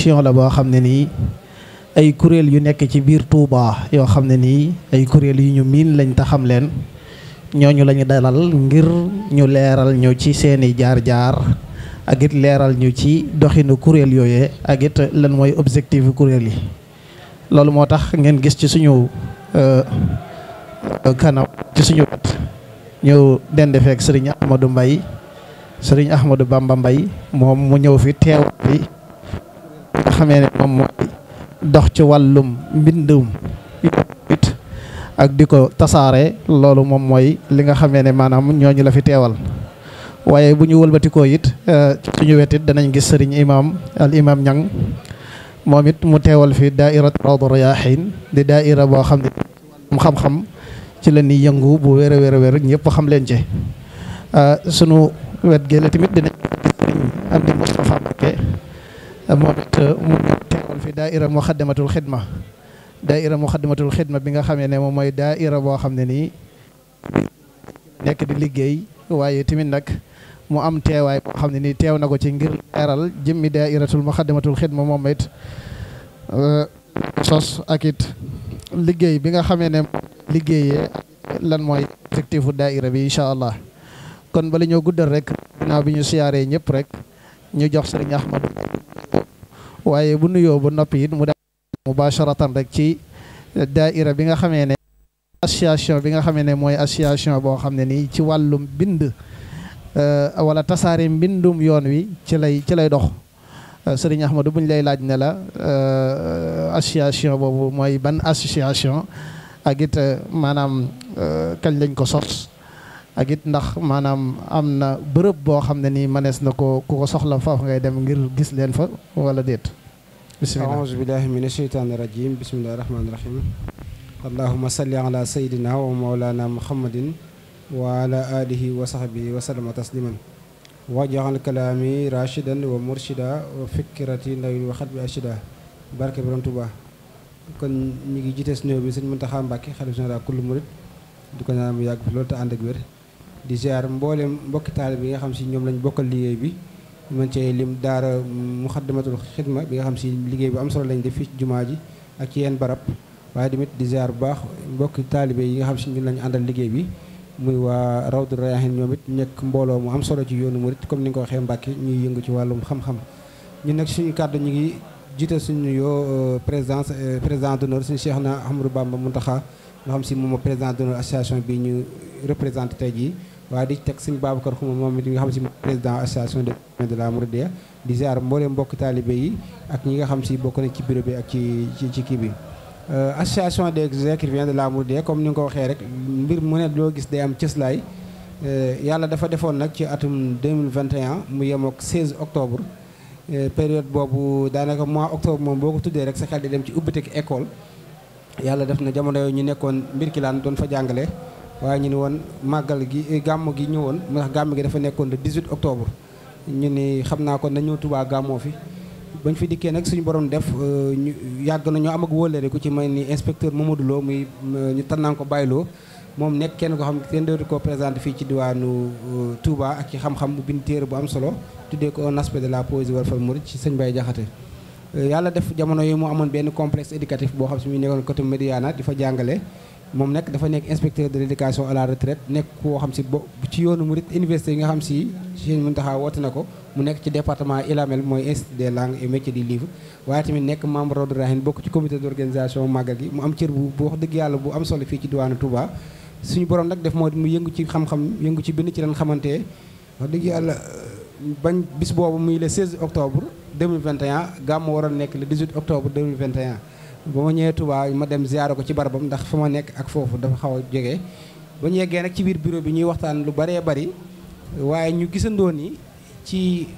association la boo xam ne nii ay kuréel yu nekk ci biir Touba yoo xam ne nii ay kuréel yu ñu miin lañ ta xam leen ñooñu lañu dalal ngir ñu leeral ñu ci seeni jaar-jaar ak it leeral ñu ci doxinu kuréel yooye ak it lan mooy objectif kuréel yi loolu moo tax ngeen gis ci suñu euh, kanam ci suñu wet ñu dend feek sëriñ Ahmadou Mbaye sëriñ Ahmadou Bamba Mbaye moom mu ñëw fi teew bi nga xamee ne moom mooy dox ci wàllum mbindum ak di ko tasaare loolu moom mooy li nga xamee ne maanaam ñooñu la fi teewal waaye bu ñu wëlbatikoo it eh, suñu wet it danañ gis sëriñ imam al imam ñang moom it mu teewal fi daaira rawdu riyaahin di daaira boo xam ne mu xam-xam ci la ñuy yëngu bu weera a wér a wér xam leen ci eh, sunu wet gele tamit dinañ am di moom it euh, mu ñëw teewal fi daaira muxaddamatul xidma daaira muxaddamatul xidma bi nga xamee ne moom mooy daa daaira boo xam ne nii nekk di liggéey waaye tamit nag mu am teewaay boo xam ne nii teew na ko ci ngir leeral jëmmi daairatul muxaddamatul xidma moom it euh, sos ak it liggéey bi nga xamee ne liggéeyee lan mooy objectifu daaira bi incha allah kon bala ñoo guddal rek ginnaaw bi ñu siyaaree ñëpp rek ñu jox sëriñ Ahmadu waaye bu nuyoo ba noppi it mu daal mubasharatan rek ci daaira bi nga xamee ne association bi nga xamee ne mooy association boo xam ne nii ci wàllum bind euh, wala tasaari mbindum yoon wi ci lay ci lay dox euh, sëriñ Ahmadu bu lay laaj ne la euh, association boobu mooy ban association ak it maanaam kañ lañ ko sos ak it ndax maanaam am na bërëb boo xam ne nii manees na ko ku ko soxla foofu ngay dem ngir gis leen fa wala déet bismillah aouzu billahi min asheytaani rajim bismillahi rahmaani rahim allahuma wa mawlana muhammadin wa ala wa sahbihi wa sallama tasliman wajaxal kalaami rachidan wa murshida wa fikkirati ndawil wa xat bi achida barke borom Tuuba kon ñu ngi jiite si néew bi sëñ Muntaxa Mbàkke xalifa général kullu murit di ko ñaan mu yàgg fi loolu te ànd ak wér di ziar mboolem mbokki taalibe yi nga xam si ñoom lañ bokkal liggéey bi mën cee lim daara muxaddamatul xidma bi nga xam si liggéey bu am solo lañ def ci jumaa ji ak ci yenn barab waaye tamit di ziar bu baax mbokki taalibe yi nga xam si ñun lañ àndal liggéey bi muy waa rawdu ñoom it nekk mbooloo mu am solo ci yoonu murit comme ni nga ko waxee Mbàkke ñuy yëngu ci wàllum xam-xam ñu nekk suñu kàddu ñu ngi jiite suñu yoo euh, président euh, président d'honneur suñu Cheikh na Ahmadou Bamba Muntaxa nga xam si moom président d'honneur association bi ñu représenté tey jii waaye di teg sëñ Babacar Xuma moom it nga xam si président association de la Mouridia di ziar mbooleem mbokk taalibe yi ak ñi nga xam si bokk na ci bureau bi ak ci ci kii bi. Euh, association de écrivains de la Mouridia comme ni nga ko waxee rek mbir mu ne loo gis day am cëslaay euh, yàlla dafa defoon nag ci atum 2021 mu yem ak 16 octobre. Euh, période boobu daanaka mois octobre moom boo ko tuddee rek sa xel di dem ci ubbiteg école yàlla def na jamono yooyu ñu nekkoon mbir ki laan fa jàngale waaye ñu ni woon màggal gi eh, gàmm gi ñëwoon ndax gàmm gi dafa nekkoon le 18 octobre ñu ni xam naa ko nañu Tuubaa gàmmoo fi bañ fi dikkee nag suñu borom def euh, ñu yàgg na ñoo am ak wóllëre ku ci may ni inspecteur Mamadou Lo muy euh, ñu tànnaan ko bàyyiloo moom nekk kenn koo xam ne kenn dootu ko présenté fii ci diwaanu euh, Touba ak ci xam-xam bu bind téere bu am solo tuddee ko un aspect de la poésie wal fal murid ci sëñ Baye Jaxate yàlla def jamono yi mu amoon benn complexe éducatif boo xam si muy nekkoon côté Médiana di fa jàngale moom nag dafa nekk inspecteur de l' éducation à la retraite nekk koo xam si bo ci yoonu murit université yi nga xam si Sëriñ Muntaxa woote na ko mu nekk ci département ILAMEL mooy institut des langues et métiers du livre waaye tamit nekk membre Rawdu Raxin bokk ci comité d' organisation màggal gi mu am cër bu bu yàlla bu am fii ci diwaanu Touba suñu borom nag def moo mu yëngu ci xam-xam yëngu ci bind ci lan xamante wax dëgg yàlla bañ bis boobu muy le 16 octobre 2021 gàmmu waroon nekk le 18 octobre 2021 ba ma ñëwee Touba ma dem ziyaare ko ci barabam ndax fa ma nekk ak foofu dafa xaw a jege ba ñu yeggee nag ci biir bureau bi ñuy waxtaan lu baree bari waaye ñu gisandoo ni ci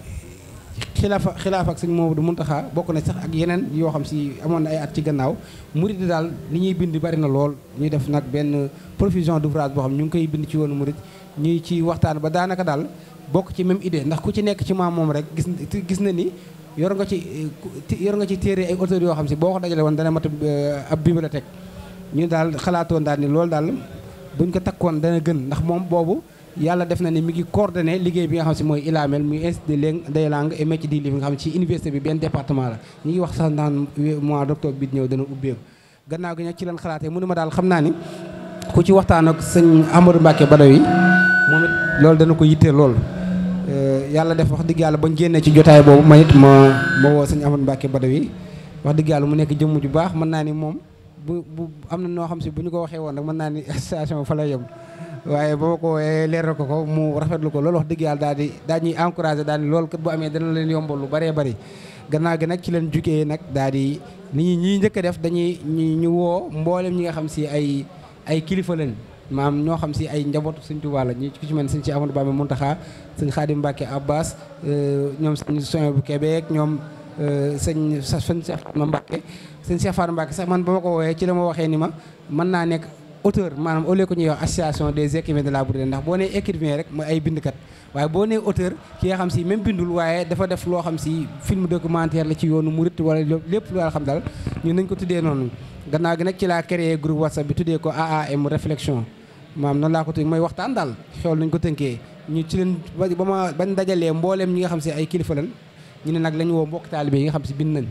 xilaafa xilaaf ak sëñ Mamadou Muntaxa bokk na sax ak yeneen yoo xam si amoon na ay at ci gannaaw murid yi daal li ñuy bind bari na lool ñu def nag benn profusion d'ouvrage boo xam ñu ngi koy bind ci yoonu murid ñuy ci waxtaan ba daanaka daal bokk ci même idée ndax ku ci nekk ci maam moom rek gis gis na ni yor nga ci yor nga ci téere ay auteurs yoo xam si boo ko dajalee woon dana mat eh, ab bibliothèque ñu daal xalaatoon daal ni loolu daal buñ ko takkoon dana gën ndax moom boobu yàlla def na ne mi ngi coordonné liggéey bi nga xam si mooy ilamel muy institut des langues et métiers du livre nga xam si ci université bi benn département la ñu ngi wax sax naan mois d'octobre bi ñëw dana ubbeeku gannaaw gi nag ci lan xalaatee mënu ma daal xam naa ni ku ci waxtaan ak sëñ Amadou Mbacke Badawi moom it loolu dana ko yittee lool Eh, yàlla def wax dëgg yàlla bañ génnee ci jotaay boobu ma it ma ma woo sëñ Amadou Mbacke Badawi wax dëgg yàlla mu nekk jëmm ju baax mën naa ni moom bu am na noo xam si bu ñu ko waxee woon rek mën naa ni station fa lay yem waaye boo ko wooyee leeral ko ko mu rafetlu ko loolu wax dëgg yàlla daal di daal ñuy encouragé daal di loolu kat bu amee dana leen yombal lu bare bëri gannaaw gi nag ci leen jugee nag daal di ni ñi njëkk a def dañuy ñu woo mbooleem ñi nga xam si ay ay kilifa leen maam ñoo xam si ay njabootu sëñ Tuubaa la ñi ku ci mel sëñ ci Amadou Bamba Muntaxa sëñ Xaadim Mbàkke Abbas euh, ñoom sëñ Soin bu Québec ñoom euh, sëñ sëñ Cheikh ma Mbàkke sëñ Cheikh Fatou Mbàkke sax man ba ma ko woowee ci la ma waxee ni ma mën naa nekk auteur maanaam au lieu que ñuy wax association des écrivains de la Bourde ndax boo nee écrivain rek mooy ay bindkat waaye boo nee auteur ki nga xam si même bindul waaye dafa def loo xam si film documentaire la ci yoonu murit wala lépp lu xam dal ñun nañ ko tuddee noonu gannaaw gi nag ci laa créé groupe WhatsApp bi tuddee ko AAM réflexion maam noonu laa ko tënk mooy waxtaan daal xool nañ ko tënkee ñu ci leen ba ma bañ dajalee mbooleem ñi nga xam si ay kilifa lan ñu ne nag lañu woo mbokk taalibe yi nga xam si bind nañ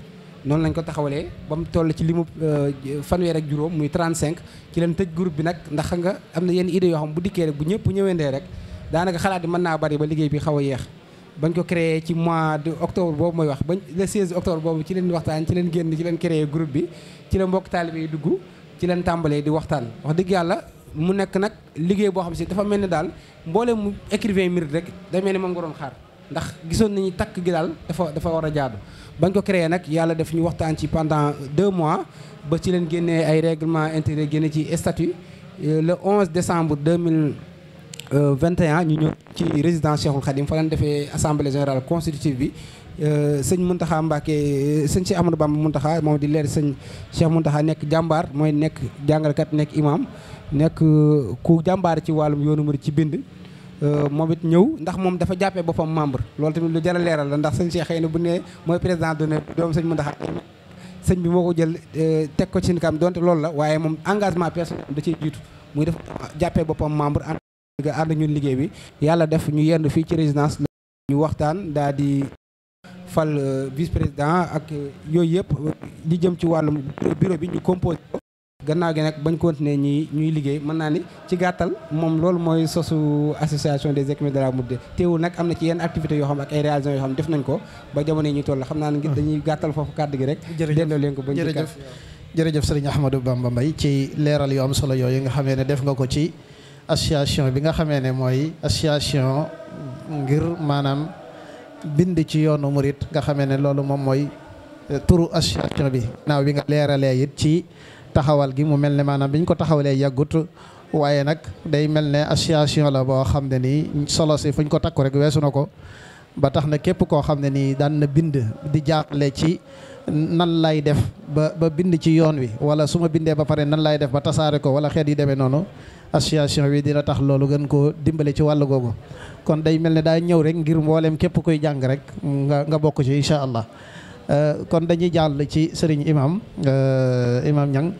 noonu lañ ko taxawalee ba mu toll ci li limu euh, fanweer ak juróom muy 35 ci leen tëj groupe bi nag ndax xam nga am na yenn idée yoo xam bu dikkee rek bu ñëpp ñëwendee rek daanaka xalaat yi mën naa bari ba liggéey bi xaw a yeex bañ ko créé ci mois de boobu mooy wax bañ le 16 octobre boobu ci leen waxtaan ci leen génn ci leen créé groupe bi ci la mbokk yi dugg ci leen tàmbalee di waxtaan wax dëgg yàlla mu nekk nag liggéey boo xam si dafa mel ni daal mboole mu écrivain mérite rek day mel ni moom nga doon xaar ndax gisoon nañu takk gi daal dafa dafa war a jaadu bañ ko créé nag yàlla def ñu waxtaan ci pendant deux mois ba ci leen génnee ay règlement intérieur génne ci statut euh, le 11 décembre 2021 euh, ñu ñëw ci résidence Cheikhoul Khadim fa leen defee assemblée générale constitutive bi Euh, sëñ Muntaxa Mbàkke sëñ Cheikh Amadou Bamba Muntaxa moom di leer sëñ Cheikh Muntaxa nekk jàmbaar mooy nekk jàngalkat nekk imam nekk euh, ku jàmbaar ci wàllum yoonu murid ci bind euh, moom it ñëw ndax moom dafa jàppee boppam membre loolu tamit lu jalal leeral la ndax sëñ Cheikh xëy na bu ne mooy président du ne doom sëñ Muntaxa sëñ bi moo ko jël teg ko ci kam donte loolu la waaye moom engagement personnel da ciy jiitu muy def jàppee boppam membre ànd ñun liggéey bi yàlla def ñu yendu fii ci résidence ñu waxtaan daal di fal euh, vice président ak euh, yooyu yëpp li jëm ci wàllu bureau bi ñu composé ko gannaaw gi nag bañ continuer ñuy ñuy liggéey mën naa ni ci gàttal moom loolu mooy sosu association des écuries de la Mouride teewul nag am na ci yenn activité yoo xam ak ay réalisations yoo xam def nañ ko ba jamono yi ñu toll xam naa ne dañuy gàttal foofu kàddu gi rek. delloo leen ko ba ñu jërëjëf jërëjëf sëriñ Ahmadou Bamba Mbaye ci leeral yu am solo yooyu nga xamee ne def nga ko ci association bi nga xamee ne mooy association bind ci yoonu murit nga xamee ne loolu moom mooy eh, turu association bi naaw bi nga leeralee it ci taxawal gi mu mel ne maanaam biñ ko taxawalee yàggut waaye nag day mel ne association la boo xam ne nii solo si fuñ ko takku rek weesu na ko ba tax na képp koo xam ne nii daan na bind di jaaxle ci nan lay def ba ba bind ci yoon wi wala su ma bindee ba pare nan lay def ba tasaare ko wala xeet yi demee noonu association bi dina tax loolu gën koo dimbale ci wàll googu kon day mel ne daa ñëw rek ngir mbooleem képp koy jàng rek nga nga bokk ci incha allah euh, kon dañuy jàll ci sëriñ imam euh, imam ñang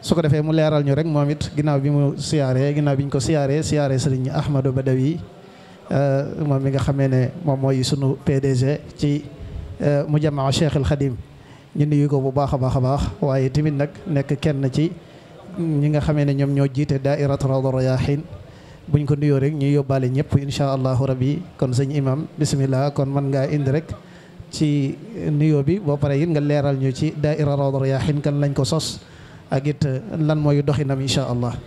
su ko defee mu leeral ñu rek moom it ginnaaw bi mu siyaaree ginnaaw bi ñu ko siyaaree siyaaree sëriñ Ahmadou Badawi euh, moom bi nga xamee ne moom mooy sunu PDG ci mujamaa Cheikh al Khadim ñu nuyu ko bu baax a baax a baax waaye tamit nag nekk kenn ci ñi nga xamee ne ñoom ñoo jiite daairatu Rawdu xiin buñ ko nuyoo rek ñuy yóbbaale ñëpp incha allahu rabbi kon sëñ imam bismillah kon man ngaa indi rek ci nuyoo bi boo paree yit nga leeral ñu ci daaira Rawdu Rayaahiin kan lañ ko sos ak it lan mooy doxinam incha allah.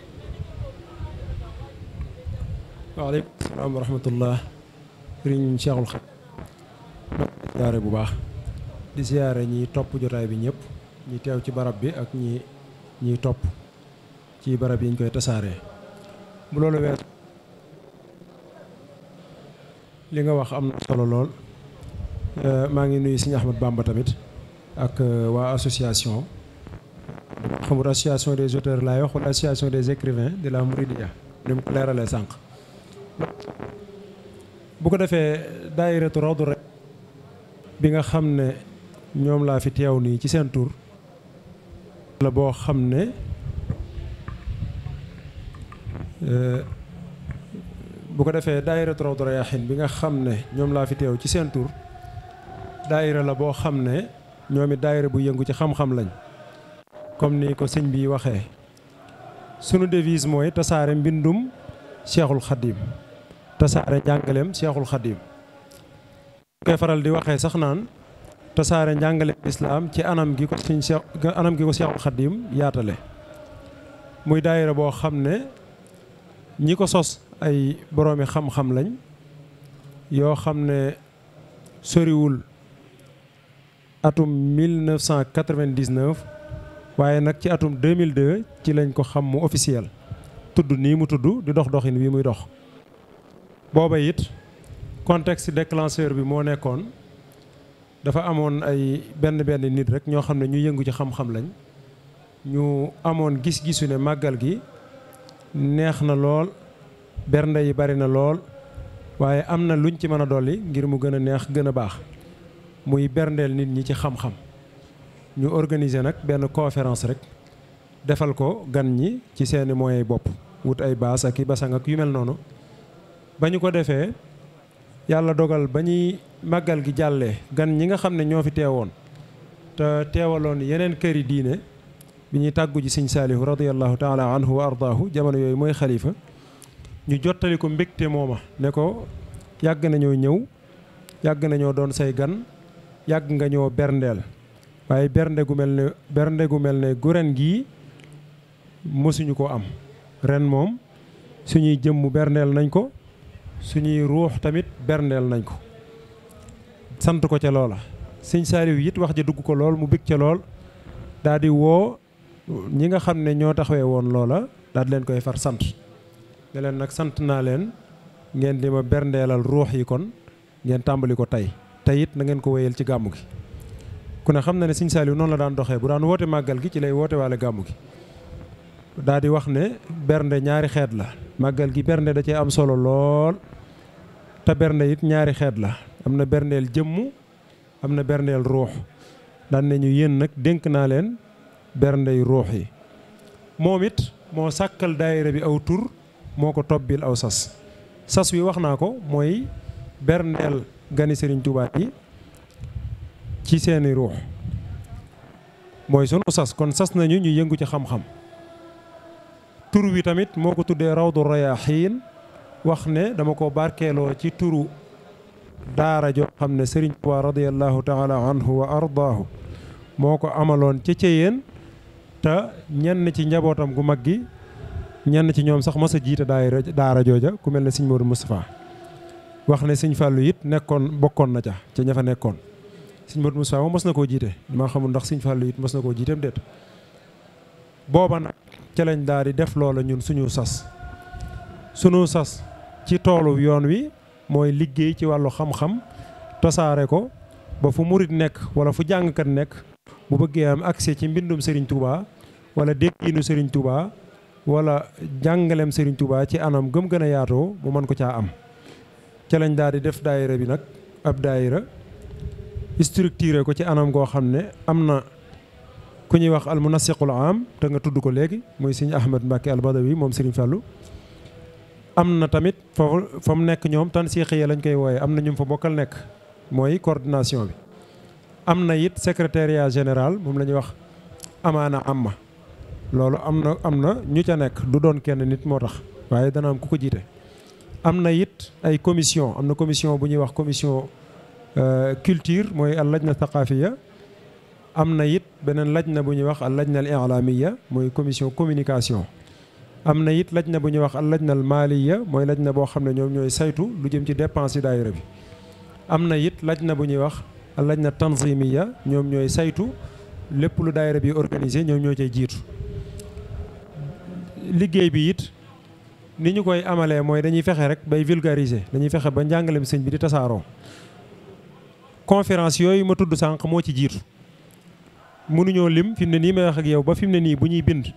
waaleykum salaam bu baax di ziyaare ñi topp jotaay bi ñëpp ñi teew ci barab bi ak ñi ñiy topp ci barab yi ñu koy tasaaree bu loolu wees li nga wax am na solo lool euh, maa ngi nuyu Sëñ Ahmad bàmba tamit ak euh, waa association xamul association des auteurs laay wax wala association des écrivains de la Mouridia ni mu ko leeralee sànq bu ko defee daayiratu rawdu rek bi nga xam ne ñoom laa fi teew nii ci seen tour la boo xam ne Euh, bu ko defee daayira Rawdu Rayaahiin bi nga xam ne ñoom laa fi teew ci seen tur daayira la boo xam ne ñoomi it daayira bu yëngu ci xam-xam lañ comme ni ko sëñ bi waxee sunu devise mooy tasaare mbindum Cheikhul Khadim tasaare njàngaleem Cheikhul Khadim koy di waxee sax naan tasaare njàngaleem islaam ci anam gi ko suñ anam muy daayira boo xam ne ñi ko sos ay boroomi xam-xam lañ yoo xam ne soriwul atum 1999 waaye nag ci atum 2002 ci lañ ko xam mu officiel tudd nii mu tudd di dox doxin wi muy dox booba it contexte déclencheur bi moo nekkoon dafa amoon ay benn benn nit rek ñoo xam ne ñu yëngu ci xam-xam lañ ñu amoon gis-gisu ne màggal gi neex na lool bernde yi bari na lool waaye am na lu luñ ci mën a dolli ngir mu gën a neex gën a baax muy berndeel nit ñi ci xam-xam ñu organiser nag benn conférence rek defal ko gan ñi ci seeni moyens bopp wut ay baas ak yu mel noonu ba ñu ko defee yàlla dogal ba ñuy màggal gi jàlle gan ñi nga xam ne ñoo fi teewoon te teewaloon yeneen këri diine bi ñuy tàggu ji sëñ saalihu radiallahu taala anhu wa ardaahu jamono yooyu mooy xalifa ñu jottali ko mbégte mooma ne ko yàgg nañoo ñëw yàgg nañoo doon say gan yàgg nga ñoo berndeel waaye bernde gu mel ne bernde gu mel ne gu ren gii mosuñu ko am ren moom suñuy jëmm berndeel nañ ko suñuy ruux tamit berndeel nañ ko sant ko ca loola sëñ saaliw it wax ja dugg ko lool mu bég ca lool daa woo ñi nga xam ne ñoo taxawee woon loola daal leen koy far sant ne leen nag sant naa leen ngeen di ma berndeelal ruux yi kon ngeen tàmbali ko tey tey it na ngeen ko wéyal ci gàmmu gi ku ne xam na ne Sëñ Saaliw noon la daan doxee bu daan woote màggal gi ci lay woote waale gàmmu gi daal di wax ne bernde ñaari xeet la màggal gi bernde da cee am solo lool te bernde it ñaari xeet la am na berndeel jëmm am na berndeel ruux daan ne ñu yéen nag dénk naa leen berndey ruux yi moom it moo sàkkal daayira bi aw tur moo ko tobbil aw sas sas wi wax naa ko mooy berndeel gani Serigne Touba yi ci seeni ruux mooy sunu sas kon sas nañu ñu yëngu ci xam-xam tur wi tamit moo ko tuddee rawdu rayaaxiin wax ne dama ko barkeeloo ci turu daara joo xam ne sëriñ Touba radiyallahu taala anhu wa ardaahu moo ko amaloon ca Ceyeen te ñenn ci njabootam gu mag gi ñenn ci ñoom sax mos a jiite daayira daara jooja ku mel ne sëñ Modou Moustapha wax ne sëñ fàllu it nekkoon bokkoon na ca ca ña fa nekkoon sëñ Modou Moustapha moom mos na koo jiite maa xamul ndax sëñ Fallou it mos na koo jiiteem déet booba nag ca lañ daal di def loola ñun suñu sas suñu sas ci toolu yoon wi mooy liggéey ci wàllu xam-xam tasaare ko ba fu murit nekk wala fu jàngkat nekk bu bëggee am accès ci mbindum Serigne Touba wala dégginu sëriñ Touba wala jàngaleem Serigne Touba ci anam gëm gën yaatoo mu mën ko caa am. ca lañ daal di def daayira bi nag ab daayira structuré ko ci anam goo xam ne am na ku ñuy wax almunasiqul am te nga tudd ko léegi muy Serigne Ahmed Mbacke albadawi moom Serigne Fallou. am na tamit foofu fa mu nekk ñoom tan siixi lañ koy wooye am na ñu fa bokkal nekk mooy coordination bi. am na it secrétariat général moom la ñuy wax amaana amma loolu am na am na ñu ca nekk du doon kenn nit moo tax waaye dana am ku ko jiite. am na it ay commission am na commission bu ñuy wax commission euh, culture mooy al lajna thaqafiya am na it beneen lajna bu ñuy wax al lajna al i'lamiya mooy commission communication. am na it lajna bu ñuy wax al lajna al maliya mooy na boo xam ne ñoom ñooy saytu lu jëm ci dépense yi daayira bi am na it na bu ñuy wax. na lajna tanzimiya ñoom ñooy saytu lépp lu daayira bi organisé ñoom ñoo cay jiitu liggéey bi it ni ñu koy amalee mooy dañuy fexe rek bay vulgariser dañuy fexe ba njàngaleem sëñ bi di tasaaroo conférence yooyu ma tudd sànq moo ci jiitu mënuñoo lim fi ne nii may wax ak yow ba fi mu ne nii bu ñuy bind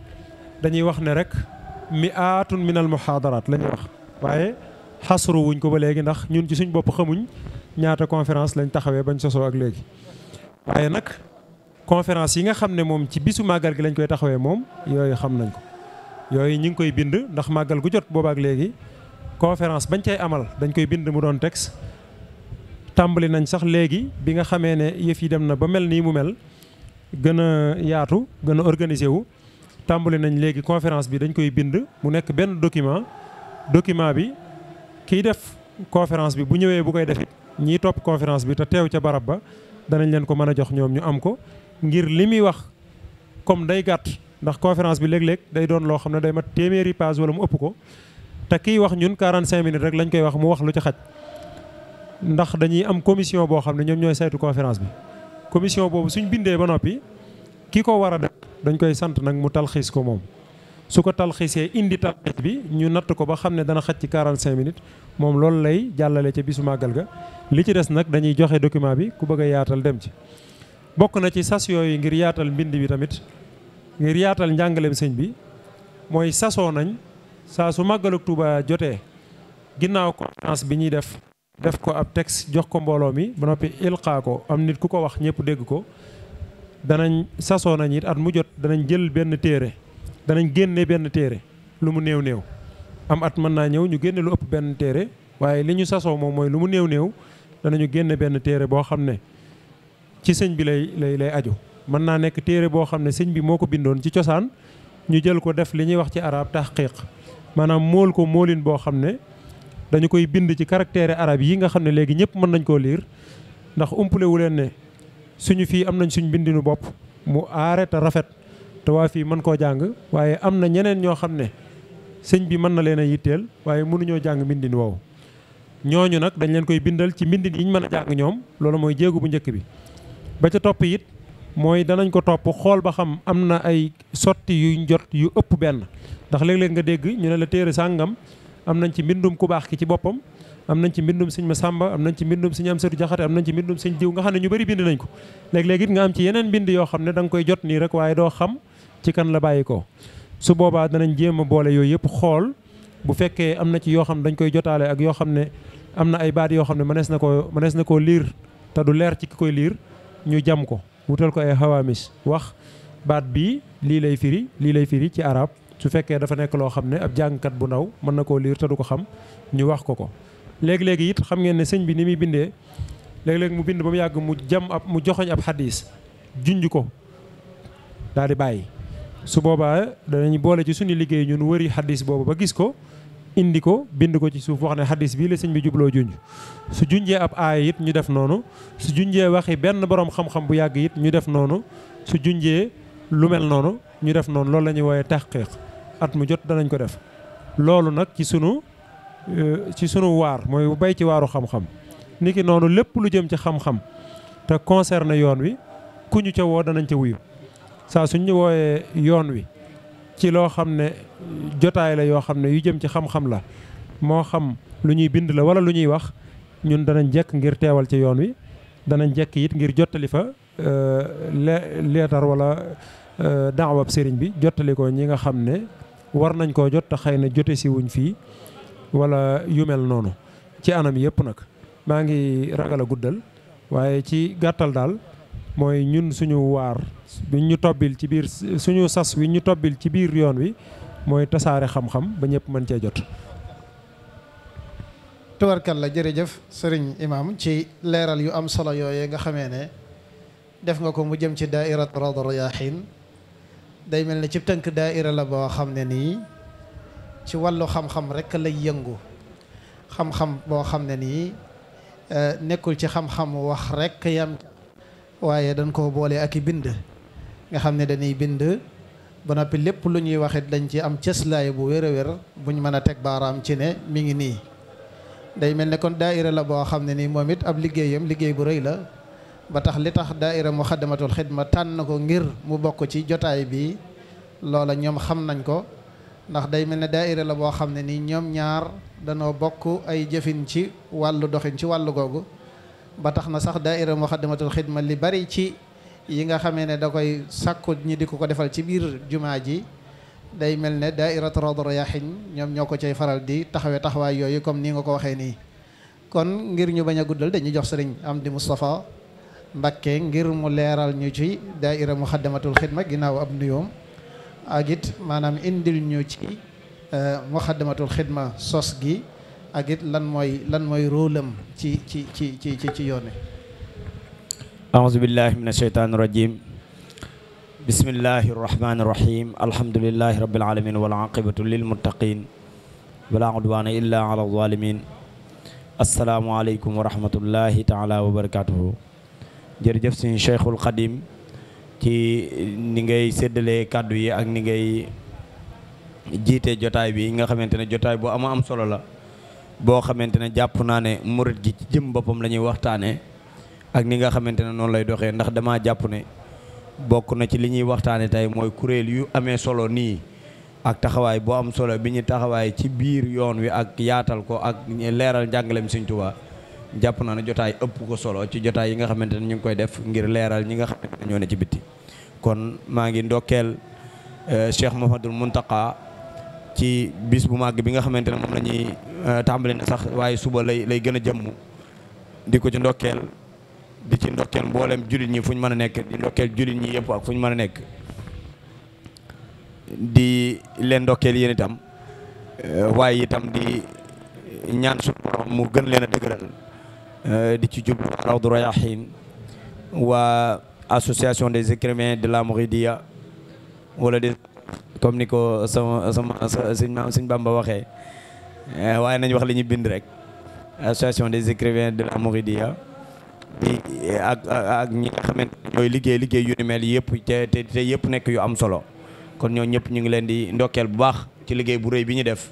dañuy wax ne rek mi aatu minal muhaadaraat la ñuy wax waaye xasru ko ba léegi ndax ñun ci suñ bopp xamuñ ñaata conférence lañ taxawee bañ sosoo ak léegi waaye nag conférence yi nga xam ne moom ci bisu màggal gi lañ koy taxawee moom yooyu xam nañ ko yooyu ñu ngi koy bind ndax màggal gu jot boobaak léegi conférence bañ cay amal dañ koy bind mu doon texte tàmbali nañ sax léegi bi nga xamee ne yëf yi dem na ba mel nii mu mel gën a yaatu gën a organisé wu tàmbali nañ léegi conférence bi dañ koy bind mu nekk benn document document bi kiy def conférence bi bu ñëwee bu koy defit ñii topp conférence bi te teew ca barab ba danañ leen ko mën a jox ñoom ñu am ko ngir li muy wax comme day gàtt ndax conférence bi léeg-léeg day doon loo xam ne day mat téeméeri page wala mu ëpp ko te kiy wax ñun 45 minutes rek lañ koy wax mu wax lu ca xaj ndax dañuy am commission boo xam ne ñoom ñooy saytu conférence bi commission boobu suñ bindee ba noppi ki ko war a dañ koy sant nag mu talxiis ko moom su ko talxiisee indi talxiis bi ñu natt ko ba xam ne dana xaj ci 45 minutes moom loolu lay jàllale ca bisu màggal ga li ci des nag dañuy joxe document bi ku bëgg yaatal dem ci bokk na ci sas yooyu ngir yaatal mbind bi tamit ngir yaatal njàngaleem sëñ bi mooy sasoo nañ saa su màggalug Tuuba jotee ginnaaw conférence bi ñuy def def ko ab texte jox ko mbooloo mi ba noppi ilqaa am nit ku ko wax ñëpp dégg ko danañ sasoo nañ it at mu jot danañ jël benn téere danañ génne benn téere lu mu néew néew am at mën naa ñëw ñu génne lu ëpp benn téere waaye li ñu sasoo moom mooy lu mu néew néew danañu génne benn téere boo xam ne ci sëñ bi lay lay lay aju mën naa nekk téere boo xam ne sëñ bi moo ko bindoon ci cosaan ñu jël ko def li ñuy wax ci arab taxqiq maanaam mool ko moolin boo xam ne dañu koy bind ci caractère arab yi nga xam ne léegi ñëpp mën nañ koo liir ndax umpale wu leen ne suñu fii am nañ suñu bindinu bopp mu aare rafet te waa fii mën koo jàng waaye am na ñeneen ñoo xam ne sëñ bi mën na leen a yitteel waaye mënuñoo jàng mbindin woowu ñooñu nag dañ leen koy bindal ci mbindin yi ñu mën a jàng ñoom loolu mooy jéegu bu njëkk bi ba ca topp it mooy danañ ko topp xool ba xam am na ay sotti yuñ jot yu ëpp benn ndax léeg-léeg nga dégg ñu ne la téere sàngam am nañ ci mbindum ku baax ki ci boppam am nañ ci mbindum sëñ Masamba am nañ ci mbindum sëñ am nañ ci mbindum sëñ diw nga xam ne ñu bari bind nañ ko léeg-léeg nga am ci yeneen mbind yoo xam ne da nga koy jot nii rek waaye doo xam ci kan la bàyyi ko su boobaa danañ jéem a boole yooyu yëpp xool bu fekkee am na ci yoo xam ne dañ koy jotaale ak yoo xam ne am na ay baat yoo xam ne mënees na koo mënees na koo liir te du leer ci ki koy liir ñu jam ko wutal ko ay xawaamis wax baat bii lii lay firi lii lay firi ci arab su fekkee dafa nekk loo xam ne ab jàngkat bu ndaw mën na koo liir te du ko xam ñu wax ko ko léegi-léegi it xam ngeen ne sëñ bi ni muy bindee léegi-léegi mu bind ba mu yàgg mu jam ab mu joxoñ ab xadis junj ko daal di bàyyi su boobaa danañ boole ci suñu liggéey ñun wëri xaddis boobu ba gis ko indi ko bind ko ci suuf wax ne xaddis bii la sëñ bi jubloo junj su junjee ab aay it ñu def noonu su junjee waxi benn boroom xam-xam bu yàgg it ñu def noonu su junjee lu mel noonu ñu def noonu loolu la ñuy wooyee taxqiq at mu jot danañ ko def loolu nag ci sunu euh, ci sunu waar mooy bay ci waaru xam-xam niki noonu lépp lu jëm ci xam-xam te concerné yoon wi ku ñu ca woo danañ ca wuyu saa suñ ñu wooyee yoon wi ci loo xam ne jotaay la yoo xam ne yu jëm ci xam-xam la moo xam lu ñuy bind la wala lu ñuy wax ñun danañ jekk ngir teewal ci yoon wi danañ njekk it ngir jottali fa euh, leetar wala euh, daawab sëriñ bi jottali ko ñi nga xam ne war nañ koo jot te xëy na jote siwuñ fii wala yu mel noonu ci anam yëpp nag maa ngi ragal a guddal waaye ci gàttal daal mooy ñun suñu waar bi ñu tobbil ci biir suñu sas wi ñu tobbil ci biir yoon wi mooy tasaare xam-xam ba ñëpp mën cee jot. tubarkalla jërëjëf sëriñ imam ci leeral yu am solo yooye nga xamee ne def nga ko mu jëm ci daairat Rawdu Rayaahiin day mel ne ci tënk daaira la boo xam ne nii ci wàllu xam-xam rekk lay yëngu xam-xam boo xam ne nii eh, nekkul ci xam-xam wax rekk yam waaye dañ koo boole ak i bind nga xam ne dañuy bind ba noppi lépp lu ñuy waxit dañ ci am cëslaay bu wér a wér buñ mën a teg baaraam ci ne mi ngi nii day mel ne kon daaira la boo xam ne nii moom it ab liggéeyam liggéey bu rëy la ba tax li tax daaira muxaddamatul xidma tànn ko ngir mu bokk ci jotaay bi loola ñoom xam nañ ko ndax day mel ne daaira la boo xam ne nii ñoom ñaar danoo bokk ay jëfin ci wàllu doxin ci wàllu googu ba tax na sax daa daaira muxaddamatul xidma li bari ci yi nga xamee ne da koy sàkku ñi di ko ko defal ci biir jumaa ji day mel ne daa daairatu Rawdu Rayaahiin ñoom ñoo ko cay faral di taxawee taxawaay yooyu comme nii nga ko waxee nii kon ngir ñu bañ a guddal dañuy jox sëriñ Amdi Moustapha Mbakke ngir mu leeral ñu ci daa daaira Muxaddamatul Xidma ginnaaw ab nuyoom ak it maanaam indil ñu ci e, Muxaddamatul Xidma sos gi ak it lan mooy lan mooy rôle am ci ci ci ci ci yoone أعوذ بالله من الشيطان الرجيم بسم الله الرحمن الرحيم الحمد لله رب العالمين والعاقبة للمتقين ولا عدوان إلا على الظالمين السلام عليكم ورحمة الله تعالى وبركاته jërëjëf suñu Cheikhul ci ningay ngay séddalee kàddu yi ak ni jiite jotaay bi nga xamante ne jotaay bu ama am solo la boo xamante ne jàpp naa ne murit gi ci jëm la ñuy waxtaanee ak ni nga xamante ne noonu lay doxee ndax damaa jàpp ne bokk na ci li ñuy waxtaane tey mooy kuréel yu amee solo nii ak taxawaay boo am solo bi ñu taxawaay ci biir yoon wi ak yaatal ko ak leeral njàngaleem Sëñ Tuubaa jàpp naa ne jotaay ëpp ko solo ci jotaay yi nga xamante ne ñu ngi koy def ngir leeral ñi nga xamante ne ñoo ne ci bitti kon maa ngi ndokkeel euh, Cheikh Mouhamadoul Mountakha ci bis bu màgg bi nga xamante ne moom la ñuy euh, tàmbali na sax waaye suba lay lay gën a jëmm di ko ci ndokkeel di ci ndokkeel mboolem jullit ñi fu ñu mën a nekk di ndokkeel jullit ñi yëpp ak fu ñu mën a nekk di leen ndokkeel yéen itam eh, waaye itam di ñaan suñu mu gën leen a dëgëral eh, di ci jublu Rawdu Rayaahiin waa association des écrivains de la Mouridia wala des comme ni ko sama sama sëñ maam sëñ Bamba waxee eh, waaye nañ wax li ñu bind rek association des écrivains de la Mouridia ak ak ñooy liggéey liggéey yu ni mel yëpp te te yëpp nekk yu am solo kon ñoo ñëpp ñu ngi leen di ndokkeel bu baax ci liggéey bu rëy bi ñu def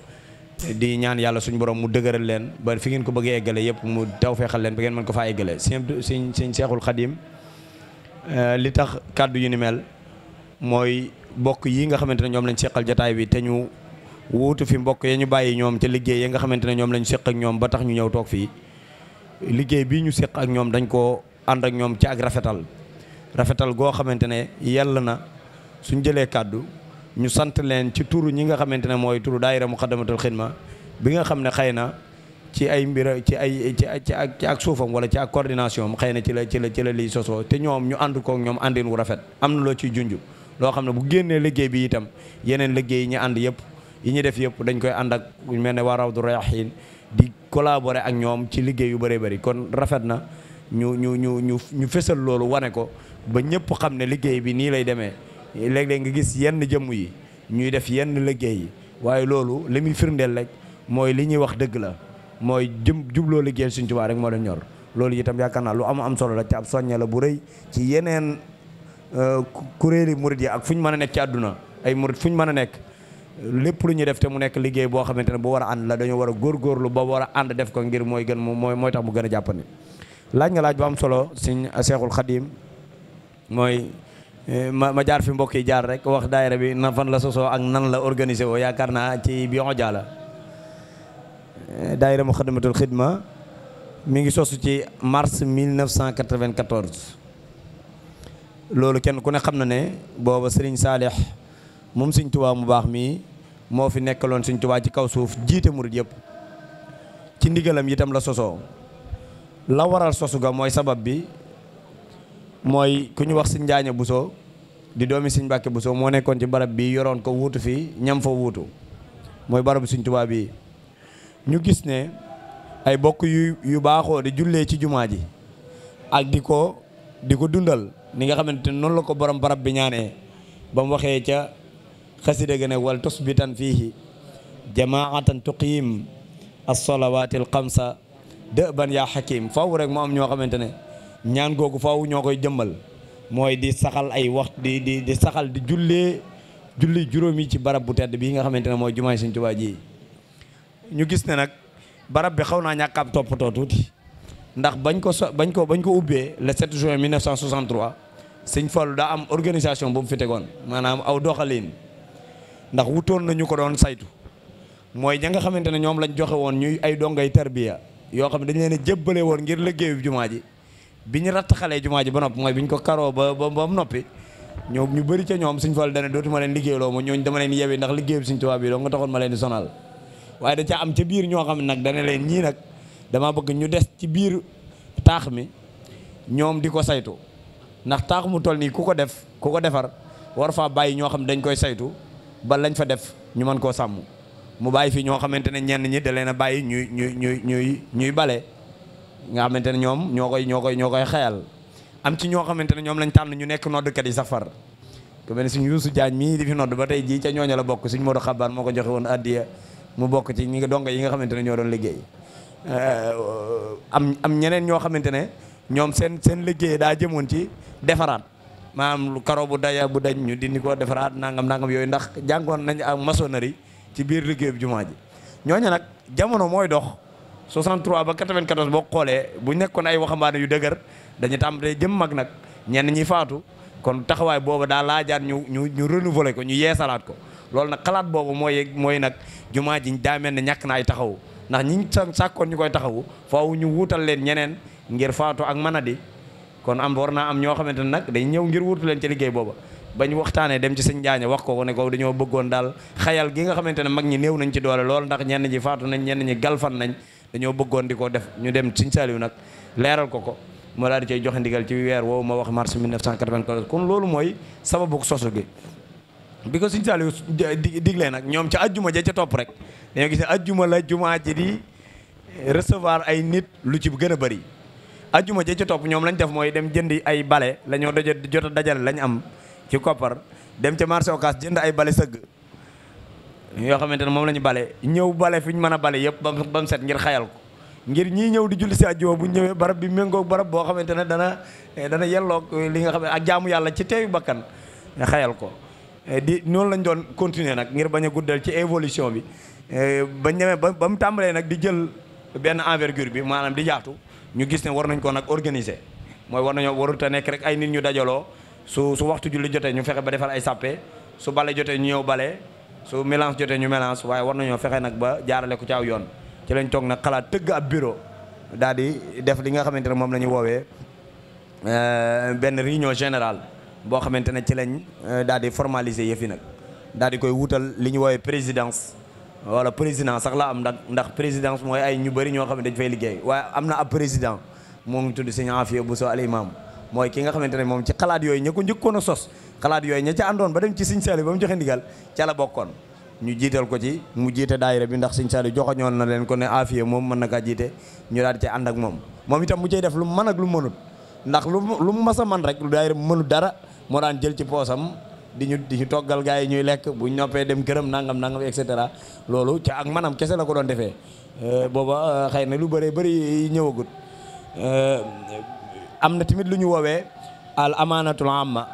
di ñaan yàlla suñu borom mu dëgëral leen ba fi ngeen ko bëggee eggale yëpp mu tawfeexal leen ba ngeen mën ko faa eggale sëñ sëñ sëñ Seexul Xadim euh, li tax kàddu yu ni mel mooy bokk yi nga xamante ne ñoom lañ seqal jataay bi te ñu wuutu fi mbokk ya ñu bàyyi ñoom ca liggéey ya nga xamante ne ñoom lañ seq ak ñoom ba tax ñu ñëw toog fii liggéey bi ñu séq ak ñoom dañ koo ànd ak ñoom ci ak rafetal rafetal goo xamante ne yàlla na suñ jëlee kàddu ñu sant leen ci turu ñi nga xamante ne mooy turu daayira muqaddamatul xidma bi nga xam ne xëy na ci ay mbira ci ay ci ci ak ci ak suufam wala ci ak coordination am xëy na ci la ci la ci la lii sosoo te ñoom ñu ànd kook ñoom àndin wu rafet am na loo ciy junj loo xam ne bu génnee liggéey bi itam yeneen liggéey yi ñu ànd yëpp yi ñu def yëpp dañ koy ànd ak mel ne waa Rawdu collaborer ak ñoom ci liggéey yu bare bëri kon rafet na ñu ñu ñu ñu ñu fësal loolu wane ko ba ñëpp xam ne liggéey bi nii lay demee léeg-léeg nga gis yenn jëmm yi ñuy def yenn liggéey yi waaye loolu li muy firndeel rek mooy li ñuy wax dëgg la mooy jëm jubloo liggéey Sëñ Tuubaa rek moo leen ñor loolu itam yaakaar naa lu am am solo la ci ab soññe la bu rëy ci yeneen euh, kuréeli murit yi ak fu ñu mën a nekk ci àdduna ay murit fu ñu mën a nekk lépp lu ñuy def te mu nekk liggéey boo xamante ne bu war a ànd la dañoo war a góorgóorlu ba war a ànd def ko ngir mooy gën mooy mooy tax mu gën a jàppandi laaj nga laaj bu am solo suñ Seexul Xadiim mooy eh, ma ma jaar fi mbokk yi jaar rek wax daayira bi na fan la sosoo ak nan la organisé woo yaakaar naa ci bion jaala eh, daayira mu xadamatul xidma mu ngi sosu ci mars 1994 loolu kenn ku ne xam na ne booba Serigne Saalix moom sëñ Tuubaa mu baax mii moo fi nekkaloon sëñ Tuubaa ci kaw suuf jiite murit yépp ci ndigalam yitam la sosoo la waral sosu ga mooy sabab bi mooy ku ñu wax sëñ Njaaña Buso di doomi sëñ bu Buso moo nekkoon ci barab bi yoroon ko wuutu fi ñam fa wuutu mooy barabu sëñ Tuubaa bi ñu gis ne ay bokk yu yu baaxoo di jullee ci jumaa ji ak di ko di ko dundal ni nga xamante noonu la ko borom barab bi ñaanee ba waxee ca xasida ga ne wal tusbitan fiihi jamaatan tuqiim as-salawaati al-xamsa dëban yaa xakim faw rek mu am ñoo xamante ne ñaan googu faw ñoo koy jëmmal mooy di saxal ay wax di di di saxal di jullee julli juróom yi ci barab bu tedd bii nga xamante ne mooy jumaay Sëñ Tuubaa ji ñu gis ne nag barab bi xaw naa ñàkk a toppatoo tuuti ndax bañ ko so bañ ko bañ ko ubbee le 7 juin 1963 Sëñ Fallu daa am organisation bu mu fi tegoon maanaam aw doxaliin ndax wutoon nañu ko doon saytu mooy ña nga xamante ne ñoom lañ joxe woon ñuy ay dongay tarbiya yoo xam ne dañ leen a woon ngir liggéeyu jumaa ji bi ñu rattaxalee jumaa ji ba nopp mooy bi ñu ko karoo ba ba ba noppi ñoom ñu bëri ca ñoom suñ fal dana dootuma leen liggéeyloo ma ñooñ dama leen yewi ndax liggéeyu suñ tubaab yi doo nga taxoon ma leen di sonal waaye da ca am ca biir ñoo xam nag dane leen ñii nag damaa bëgg ñu des ci biir taax mi ñoom di ko saytu ndax taax mu toll nii ku ko def ku ko defar war faa bàyyi ñoo xam dañ koy saytu ba lañ fa def ñu mën koo sàmm mu bàyyi fii ñoo xamante ne ñenn ñi da leen a bàyyi ñuy ñuy ñuy ñuy ñuy bale nga xamante ne ñoom ñoo koy ñoo koy ñoo koy xayal am ci ñoo xamante ne ñoom lañ tànn ñu nekk noddkat yi sax far mel ne suñu Yuusu Jaañ mii di fi nodd ba tey jii ca ñooñu la bokk suñu Modou Xabaar moo ko joxe woon addiya mu bokk ci ñi nga donga yi nga xamante ne ñoo doon liggéey am am ñeneen ñoo xamante ne ñoom seen seen liggéey daa jëmoon ci defaraat maanaam lu karo bu daya bu dañ ñu dindi koo defaraat nangam nangam yooyu ndax jàngoon nañ ak maçonnerie ci biir liggéey bu jumaa ji ñooñu nag jamono mooy dox 63 ba 94 boo xoolee bu nekkoon ay waxambaane yu dëgër dañu tàmbalee jëm mag nag ñenn ñi faatu kon taxawaay boobu daal laajaat ñu ñu ñu renouveler ko ñu yeesalaat ko loolu nag xalaat boobu mooy mooy nag jumaa ji daa mel ne ñàkk na ay taxawu ndax ñi sàkkoon ñu koy taxawu faaw ñu wuutal leen ñeneen ngir faatu ak mën kon am war naa am ñoo xamante ne nag dañ ñëw ngir wurtu leen ci liggéey booba bañ waxtaanee dem ci sëñ Njaañ wax ko ne ko dañoo bëggoon daal xayal gi nga xamante ne mag ñi néew nañ ci doole lool ndax ñenn ñi faatu nañ ñenn ñi galfan nañ dañoo bëggoon di ko def ñu dem sëñ Saliou nag leeral ko ko moo daal di cay joxe ndigal ci weer woowu ma wax mars 1994 kon loolu mooy sababu sosu gi bi ko sëñ Saliou diglee nag ñoom ca ajjuma ja ca topp rek dañoo gis ne ajjuma la jumaa ji di recevoir ay nit lu ci gën a bëri ajuma ja ci topp ñoom lañ def mooy dem jëndi ay bale lañoo ñoo dojo jot a dajale lañ am ci koppar dem ca marché Ocass jënd ay bale sëgg yoo xamante ne moom la ñu bale ñëw bale fi ñu mën a bale yëpp ba set ngir xayal ko ngir ñii ñëw di julli si bu ñëwee barab bi méngoog barab boo xamante ne dana eh, dana yelloog li nga xam ne ak jaamu yàlla ci teewi bakkan eh, xayal ko eh, di noonu lañ doon continuer nag ngir bañ a guddal ci évolution bi bañ demee ba mu tàmbalee nag di jël benn envergure bi maanaam di yaatu ñu gis ne war nañ koo nag organiser mooy war nañoo warut a nekk rek ay nit ñu dajaloo su su waxtu julli jotee ñu fexe ba defal ay sàppe su bale jotee ñu ñëw bale su mélange jotee ñu mélange waaye war nañoo fexe nag ba jaarale ko ci aw yoon ci lañ toog nag xalaat tëgg ab bureau daal di def li nga xamante ne moom la ñu woowee euh, benn réunion général boo xamante ne ci lañ euh, daal di formaliser yëf yi nag daal di koy wutal li ñu woowee présidence wala président sax la am ndax ndax présidence mooy ay ñu bëri ñoo xam ne dañ fay liggéey waaye am na ab président moo ngi tudd Serigne Afia Bousso al imam mooy ki nga xamante ne moom ci xalaat yooyu ña ko njëkkoon sos xalaat yooyu ña ca àndoon ba dem ci Serigne Saliou ba mu joxe ndigal ca la bokkoon ñu jiital ko ci mu jiite daayira bi ndax Serigne Saliou joxoñoon na leen ko ne Afia moom mën na kaa jiite ñu daal di ca ànd ak moom moom itam mu cay def lu mën ak lu mënut ndax lu lu mu mas a man rek lu daayira mënut dara moo daan jël ci poosam di ñu di ñu toggal gars yi ñuy lekk bu ñoppee dem këram nangam nangam et cetera loolu ci ak manam kese la ko doon defee euh, booba euh, xëy na lu bëree bëri ñëwagut euh, am na tamit lu ñu woowee al amaanatul amma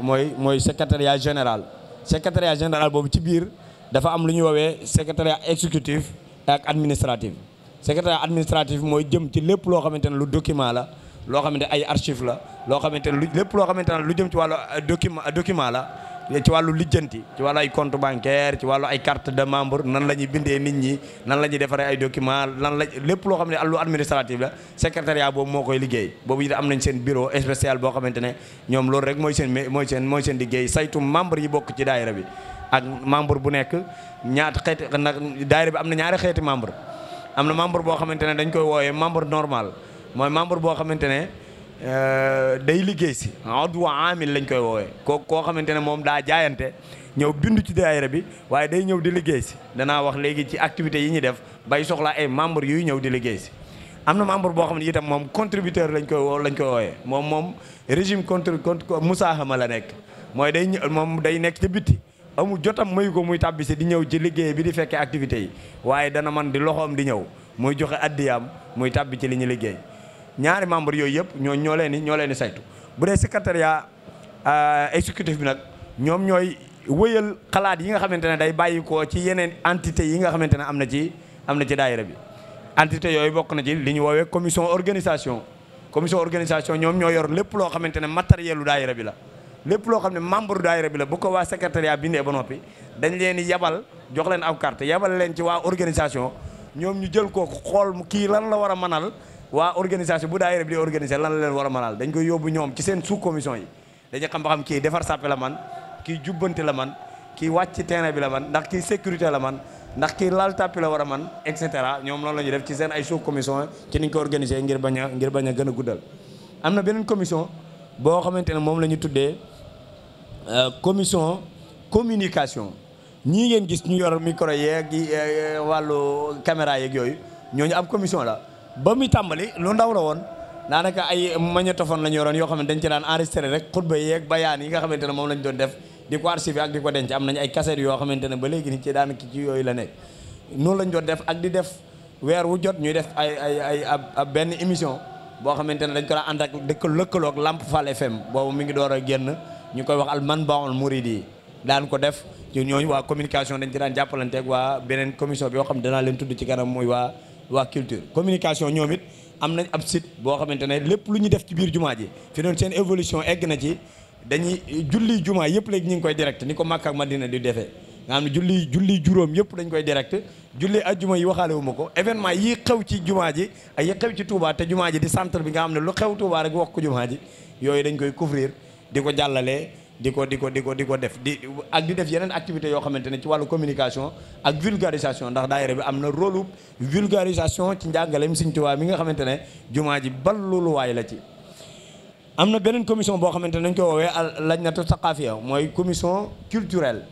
mooy mooy secrétariat général secrétariat général boobu ci biir dafa am lu ñuy woowee secrétariat exécutif ak administratif secrétariat administratif mooy jëm ci lépp loo xamante ne lu document la loo xamante ay archive la loo xamante lu lépp loo xamante ne lu jëm ci wàllu euh, document euh, document la ci wàllu lijjanti ci wàllu ay compte bancaire ci wàllu ay carte de membre nan la ñuy bindee nit ñi nan la ñuy defaree ay document lan la lépp loo xam ne lu administratif la secrétariat boobu moo koy liggéey boobu it am nañ seen bureau spécial boo xamante ne ñoom loolu rek mooy seen mooy seen mooy seen liggéey saytu membre yi bokk ci daayira bi ak membre bu nekk ñaata xeeti nag daayira bi am na ñaari xeeti membre am na membre boo xamante ne dañ koy wooyee membre normal mooy membre boo xamante ne euh, day liggéey si adwa amil lañ koy woowee koo koo xamante ne moom daa jaayante ñëw bindu ci daayira bi waaye day ñëw di liggéey si danaa wax léegi ci activités yi ñuy def bay soxlaa ay membre yuy ñëw di liggéey si am na membre boo xam ne itam moom contributeur lañ koy woo lañ koy wooyee moom moom régime contre contre musaahama la nekk mooy day moom day nekk ci bitti amul jotam mayu ko muy tàbbisi di ñëw ci liggéey bi di fekkee activités yi waaye dana man di loxoom di ñëw muy joxe addiyaam muy tàbbi ci li ñu liggéey ñaari membre yooyu yëpp ñoo ñoo leen ni ñoo leen di saytu bu dee secrétariat euh, exécutif bi nag ñoom ñooy wëyal kalaat yi nga xamante ne day bàyyi ko ci yeneen entité yi nga xamante ne am na ci am na ci daayira bi entité yooyu bokk na ci li ñu woowee commission organisation commission organisation ñoom ñoo yor lépp loo xamante ne matériel lu daayira la lépp loo xam ne membre daayira bi la bu ko waa secrétariat bindee ba noppi dañ leen yabal jox leen aw carte yabal leen ci waa organisation ñoom ñu jël ko xool kii lan la war a mënal waa organisation bu daayira bi di organiser lan la leen war a mënal dañ koy yóbbu ñoom ci seen sous commission yi dañu xam ba xam kii defar sàppe la man kii jubbante la man kii wàcc ci bi la man ndax kii sécurité la man ndax kii laal tàppi la war a man et cetera ñoom loolu la ñuy def ci seen ay sous commission ci niñ ko organiser ngir bañ ngir bañ a gën a guddal am na beneen commission boo xamante ne moom la ñu tuddee euh, commission communication ñii ngeen gis ñu yor micro yeeg euh, wàllu caméra yeeg yooyu ñooñu ab commission la ba muy tàmbali lu ndaw la woon daanaka ay magnétophone la ñu yoroon yoo xam ne dañ ci daan enregistré rek xutba yeeg bayaan yi nga xamante ne moom lañ doon def di ko archivé ak di ko ay cassette yoo xamante ne ba léegi ni ci daanaka la nekk noonu lañ doon def ak di def weer wu jot ñuy def ay ay ay ab benn émission boo xamante ne dañ ko daan ànd ak dëkk lëkkaloog Lamp Fall FM boobu mi ngi door a génn ñu koy wax al manbaul muridi daan ko def ñooñu waa communication dañ ci daan jàppalanteeg waa beneen commission bi yoo xam ne danaa leen tudd ci kanam muy waa waa culture communication ñoom it am nañ ab site boo xamante ne lépp lu ñu def ci biir jumaa ji fi doon seen évolution egg na ci dañuy julli jumaa yëpp léegi ñu ngi koy direct ni ko Makka ak Madina di defee nga xam ne julli juróom yëpp dañ koy direct julli ajjuma yi waxaale wu ko événement yi xew ci jumaa ji ak yi xew ci Touba te jumaa ji di centre bi nga xam ne lu xew Touba rek wax ko jumaa ji yooyu dañ koy couvrir di ko jàllalee di ko di ko di ko di ko def di ak di def yeneen activités yoo xamante ne ci wàllu communication ak vulgarisation ndax daayira bi am na rôle vulgarisation ci njàngaleem Sëñ Tuubaa mi nga xamante ne jumaa ji balluluwaay la ci am na beneen commission boo xamante ne dañ koy woowee lajnatu saqaafiya mooy commission culturelle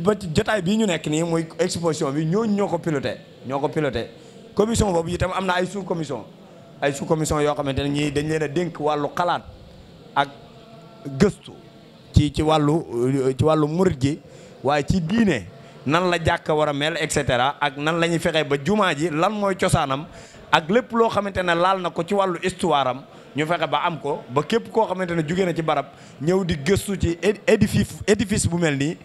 ba ci jotaay bii ñu nekk nii mooy exposition bi ñooñu ñoo ko piloté ñoo ko piloté commission boobu itam am na ay sous commission ay sous commission yoo xamante ne ñii dañ leen a dénk wàllu xalaat ak gëstu ci ci wàllu ci wàllu murit gi waaye ci diine nan la jàkk war a mel et cetera ak nan la ñuy fexee ba jumaa ji lan mooy cosaanam ak lépp loo xamante ne laal na ko ci wàllu histoire am ñu fexe ba am ko ba képp koo xamante ne jugee na ci barab ñëw di gëstu ci édifice édifice bu mel nii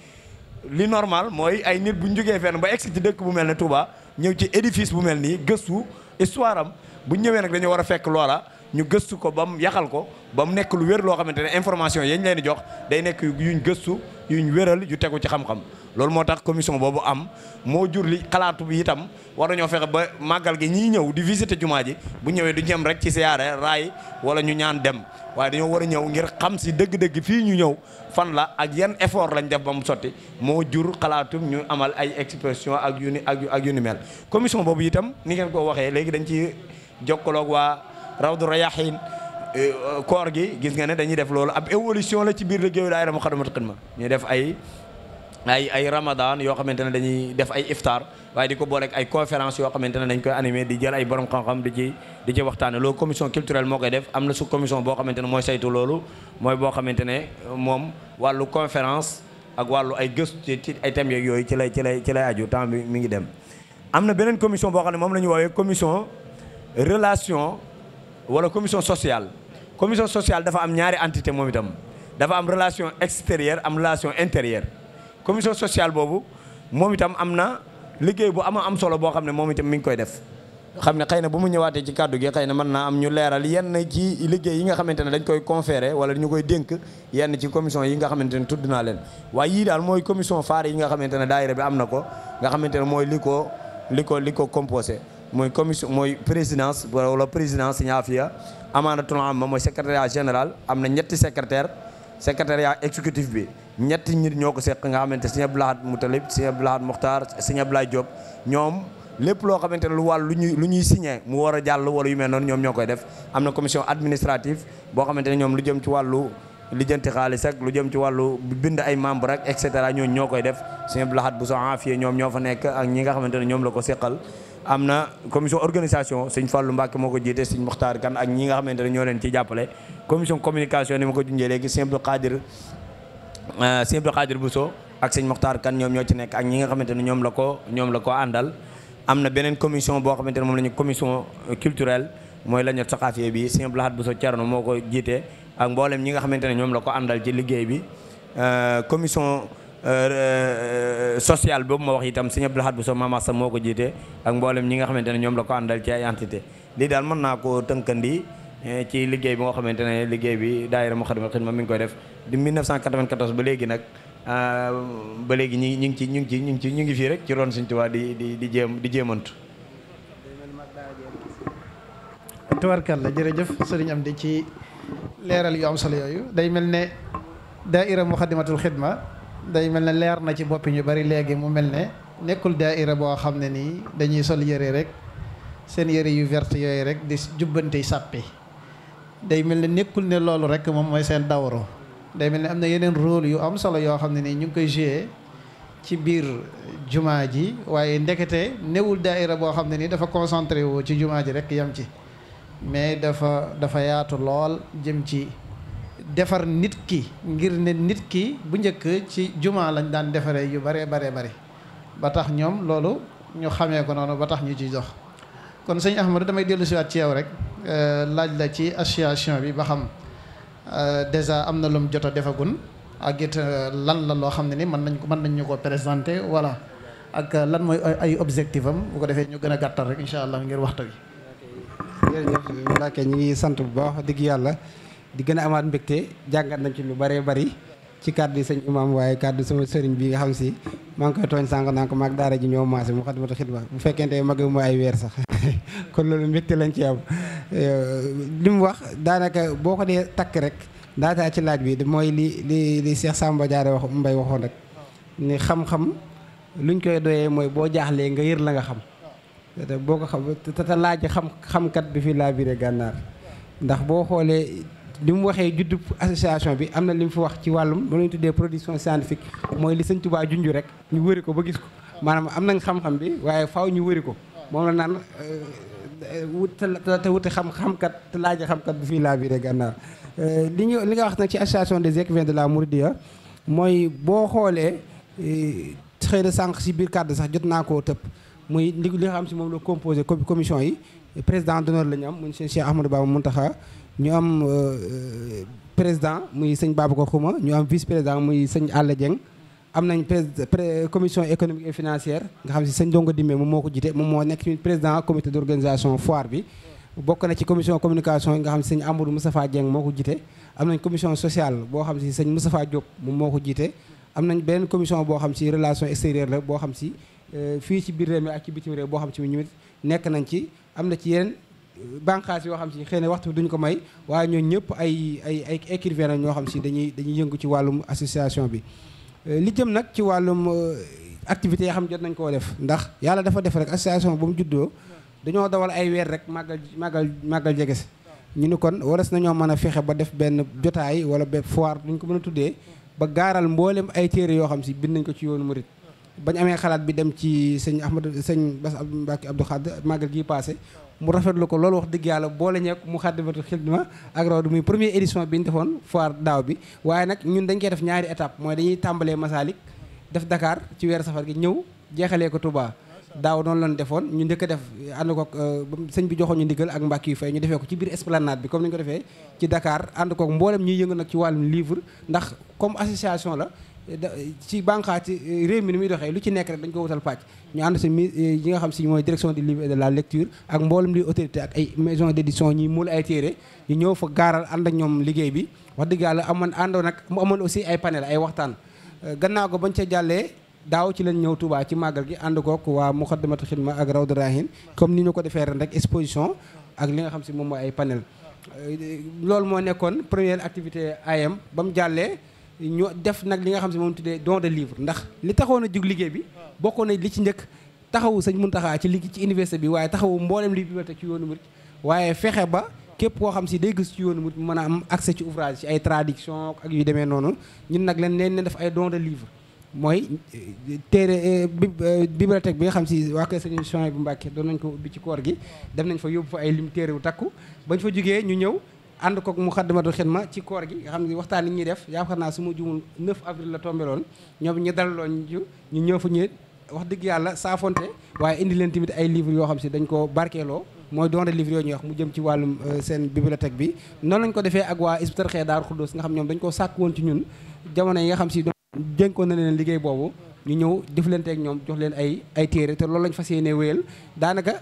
li normal mooy ay nit bu ñu jógee fenn ba egsi ci dëkk bu mel ne Touba ñëw ci édifice bu mel nii gëstu histoire am bu ñëwee nag dañoo war a fekk loola ñu gëstu ko ba mu yaxal ko ba mu nekk lu wér loo xamante ne information yañ leen di jox day nekk yuñ gëstu yuñ wéral yu tegu ci xam-xam loolu moo tax commission boobu am moo jur li xalaatu bi itam war nañoo fexe ba màggal gi ñiy ñëw di jumaa ji bu ñëwee du ñem rek ci siyaare raay wala ñu ñaan dem waaye dañoo war a ñëw ngir xam si dëgg-dëgg fii ñu ñëw fan la ak yan effort lañ def ba mu sotti moo jur xalaatum ñu amal ay expression ak yu ni ak yu ni mel commission boobu itam ni ngeen koo waxee léegi dañ ci jokkaloog waa rawdu rayahin eh, koor gi gis nga ne dañuy def loolu ab évolution la ci biir liggéeyu daayira Moukhaddamatoul Khidma ñu def ay ay ay ramadan yoo xamante ne dañuy def ay iftar waaye di ko booleeg ay conférence yoo xamante ne dañ koy animé di jël ay borom xam-xam di ci di ci waxtaane loolu commission culturelle moo koy def am na su commission boo xamante ne loolu mooy boo xamante ne moom wàllu conférence ak wàllu ay gëstu ci ay thèmes yeeg yooyu ci lay ci lay ci lay aju temps bi mi ngi dem am na beneen commission boo xam ne moom la ñu woowee commission relation wala commission sociale commission sociale dafa am ñaari entité moom itam dafa am relation extérieure am relation intérieure commission sociale boobu moom itam am na liggéey bu am am solo boo xam ne moom itam mi ngi koy def xam ne xëy na bu mu ñëwaatee ci kàddu gi xëy na mën naa am ñu leeral yenn ci liggéey yi nga xamante ne dañ koy conféré wala ñu koy dénk yenn ci commission yi nga xamante ne tudd naa leen waaye yii daal mooy commission phare yi nga xamante ne daayira bi am na ko nga xamante ne mooy li ko li ko li ko composé mooy commission mooy présidence wala présidence ñaafiya amaanatul amma mooy secrétariat général am na ñetti secrétaire secrétariat exécutif bi ñetti nit ñoo ko seq nga xamante sëñ Abdoul Ahad Moutalib sëñ Abdoul Ahad Mokhtar sëñ Abdoulaye Diop ñoom lépp loo xamante ne lu wàll lu ñuy lu ñuy signé mu war a jàll wala yu mel noonu ñoom ñoo koy def am na commission administrative boo xamante ne ñoom lu jëm ci wàllu lijjanti xaalis ak lu jëm ci wàllu bind ay membre ak et cetera ñooñu ñoo koy def sëñ Abdoul Ahad bu soo afiye ñoom ñoo fa nekk ak ñi nga xamante ne ñoom la ko seqal am na commission organisation sëñ Fallou Mbacke moo ko jiite sëñ Mokhtar kan ak ñi nga xamante ne ñoo leen ci jàppale commission communication ni ma ko junjee léegi sëñ Abdou Khadir euh, sëñ Abdou Khadir Bousso ak sëñ Mokhtar Kane ñoom ñoo ci nekk ak ñi nga xamante ne ñoom la ko ñoom la ko àndal am na beneen commission boo xamante ne moom la ñu commission culturelle mooy la ñu saxaafee bi sëñ bu Khadir Bousso Thierno moo ko jiite ak mboolem ñi nga xamante ne ñoom la ko àndal ci liggéey bi euh, commission Euh, euh, euh, social boobu ma wax itam sëñ Abdou bu Bousso Mama Sam moo ko jiite ak mboolem ñi nga xamante ne ñoom la ko àndal ci ay entité lii daal mën naa koo tënkandi eh, ci liggéey bi nga xamante ne liggéey bi daa daayira Moukhaddamatoul Khidma mi ngi koy def di 1994 ba léegi nag ah, ba léegi ñi ñu ngi ci ñu ngi ci ñu ngi ci ñu ngi fii rek ci ron Sëñ Tuubaa di di di jéem di jéemantu jërëjëf sëriñ am di ci leeral yu am solo yooyu day mel ne daayira Moukhaddamatoul Khidma day mel ne leer na ci boppi ñu bari léegi mu mel ne nekkul daaira boo xam ne nii dañuy sol yëre rek seen yére yu verte yooyu rek di jubbante sàppi day mel ne nekkul ne loolu rek moom mooy seen dawro day mel ne am na yeneen rôle yu am solo yoo xam ne nii ñu ngi koy joué ci biir jumaa ji waaye ndekete newul daaira boo xam ne nii dafa concentré woo ci jumaa ji rek yam ci mais dafa dafa yaatu lool jëm ci defar nit ki ngir ne nit ki bu njëkk ci jumaa lañ daan defaree yu bare bare bari ba tax ñoom loolu ñu xamee ko noonu ba tax ñu ci dox kon sëñ Ahmadou damay dellu siwaat ci yow rek euh, laaj la ci association bi ba xam euh, déjà am na lu mu jot a defagun ak it euh, lan la loo xam ne ni mën nañ ko mën nañ ñu ko présenté voilà ak lan mooy ay objectif am bu ko defee ñu gën a gàttal rek incha allah ngir waxtu bi jërëjëf Mbacke ñu ngi sant bu baax digg yàlla di gën a amaat mbégte jàngat nañ ci lu bëree bëri ci kàddu sëñ maam waaye kàddu sama sëriñ bi nga xam si maa koy tooñ sànq naa ko maag daara ji ñoo maase mu xadmatu xidma bu ay weer sax kon loolu mbégte lañ ci am li mu wax daanaka boo ko dee takk rek daataa ci laaj bi mooy li li li Cheikh Samba Diarra wax Mbaye waxoon rek ni xam-xam luñ koy doyee mooy boo jaaxlee nga yër la nga xam te boo ko xam te te laaj xam-xamkat bi fi laa biree gànnaar ndax boo xoolee li mu waxee juddu association bi am na li mu fi wax ci wàllum lu ñu tuddee production scientifique mooy li sëñ Tuubaa junj rek ñu wëri ko ba gis ko maanaam am nañ xam-xam bi waaye faw ñu wëri ko moom la naan euh, te wuti xam-xamkat te laaja xam-kat bu fii laa bi rek gànnaar euh, li ñu li nga wax nag ci association des écrivains de la Mouridiya mooy boo xoolee euh, xëy na sànq si biir kàddu sax jot naa koo tëpp muy li nga xam si moom la composé commission yi président d'honneur la ñu am monsieur Cheikh Ahmadou Bamba Mountakha ñu am euh, président muy sëñ Babacar Xuma ñu am vice président muy sëñ Alla Dieng am nañ pré commission économique et financière nga xam si sëñ Dongo Dimbe moom moo ko jiite moom moo nekk président comité d' organisation foire bi. bokk na ci commission communication yi nga xam si sëñ Amadou Moustapha Dieng moo ko jiite. am nañ commission sociale boo xam si sëñ Moustapha Diop moom moo ko jiite. am nañ beneen commission boo xam si relation extérieure la boo xam si euh, fii ci biir réew mi ak ci bitim réew boo xam si ñu nekk nañ ci am na ci yeneen. bànqaas yoo xam si xëy na waxtu duñ ko may waaye ñoo ñëpp ay ay ay ñoo xam si dañuy dañuy yëngu ci wàllum association bi euh, li jëm nag ci wàllum euh, activité yoo xam jot nañ koo def ndax yàlla dafa def rek association ba mu juddoo dañoo dawal ay weer rek màggal màggal màggal jegesi ñu ni kon waras nañoo mën a fexe ba def benn jotaay wala benn foire duñ ko mën a tuddee ba gaaral mboolem ay téere yoo xam si bind nañ ko ci yoonu murit bañ amee xalaat bi dem ci sëñ Ahmad sëñ Bass Mbacke Abdou Khadre màggal gi passé mu rafetlu ko loolu wax dëgg yàlla boole ñeek mu xaddamatul xidma ak rawdu muy première édition bi ñu defoon foire daaw bi waaye nag ñun dañ koy def ñaari étape mooy dañuy tàmbalee Masalik def dakaar ci weer safar gi ñëw jeexalee ko Touba daaw noonu lañ defoon ñu njëkk a def ànd ko euh, sëñ bi joxoon ñu ndigal ak mbàkk yu fay ñu defee ko ci biir esplanade bi comme ni ñu defee ci Dakar ànd kook mboolem ñuy yëngu nag ci wàllum livre ndax comme association la ci bànqaati eh, réew mi ni muy doxee lu ci nekk rek dañ ko wutal pàcc ñu ànd si mi eh, yi nga xam si mooy direction du livre de la lecture ak mboolem luy autorité ak ay maison d'édition ñi muul ay téere ñu ñëw fa gaaral ànd ak ñoom liggéey bi wax dëgg yàlla amoon àndoon nag mu amoon aussi ay panel ay waxtaan eh, gannaaw ko ba ca jàllee daaw ci lañ ñëw Touba ci màggal gi ànd kook waa Muxaddamatul Xidma ak Rawdu Rahin comme ni ñu ko defee ren rek exposition ak li nga xam si moom mooy ay panel loolu moo nekkoon première activité am ba ñu def nag li nga xam si moom tuddee don de livre ndax li taxoon a jug liggéey bi bokkoon na li ci njëkk taxawu sëñ Muntaxa ci li ci université bi waaye taxawu mboolem li bibliothèque ci yoonu murit waaye fexe ba képp koo xam si day gis ci yoonu murit mën a am accès ci ouvrage ci ay tradition ak yu demee noonu ñun nag leen leen def ay don de livre mooy euh, téere euh, euh, bibliothèque bi nga xam si waa kër sëñ Souhaïbou bu Mbàkke doon nañ ko ubbi ci koor gi def nañ fa yóbbu fa ay lim téere takku bañ fa jugee ñu ñëw ànd koog mu xaddamatul xidma ci koor gi nga xam ne waxtaan yi ñuy def yaakaar naa su ma jumul 9 avril la tombé ñoom ñu dalaloon ñu ñu ñëw fa ñu wax dëgg yàlla saafonte waaye indi leen tamit ay livres yoo xam si dañ ko barkeeloo mooy doon livre yooyu ñuy wax mu jëm ci wàllum euh, seen bibliothèque bi noonu lañ ko defee ak waa Hizbut Tarqiyyah Daaru Xudoos nga xam ñoom dañ ko sàkk woon ci ñun jamono yi nga xam si dénkoon na leen liggéey boobu ñu ñëw jëflanteeg ñoom jox leen ay ay téere te loolu lañ fas yéene daanaka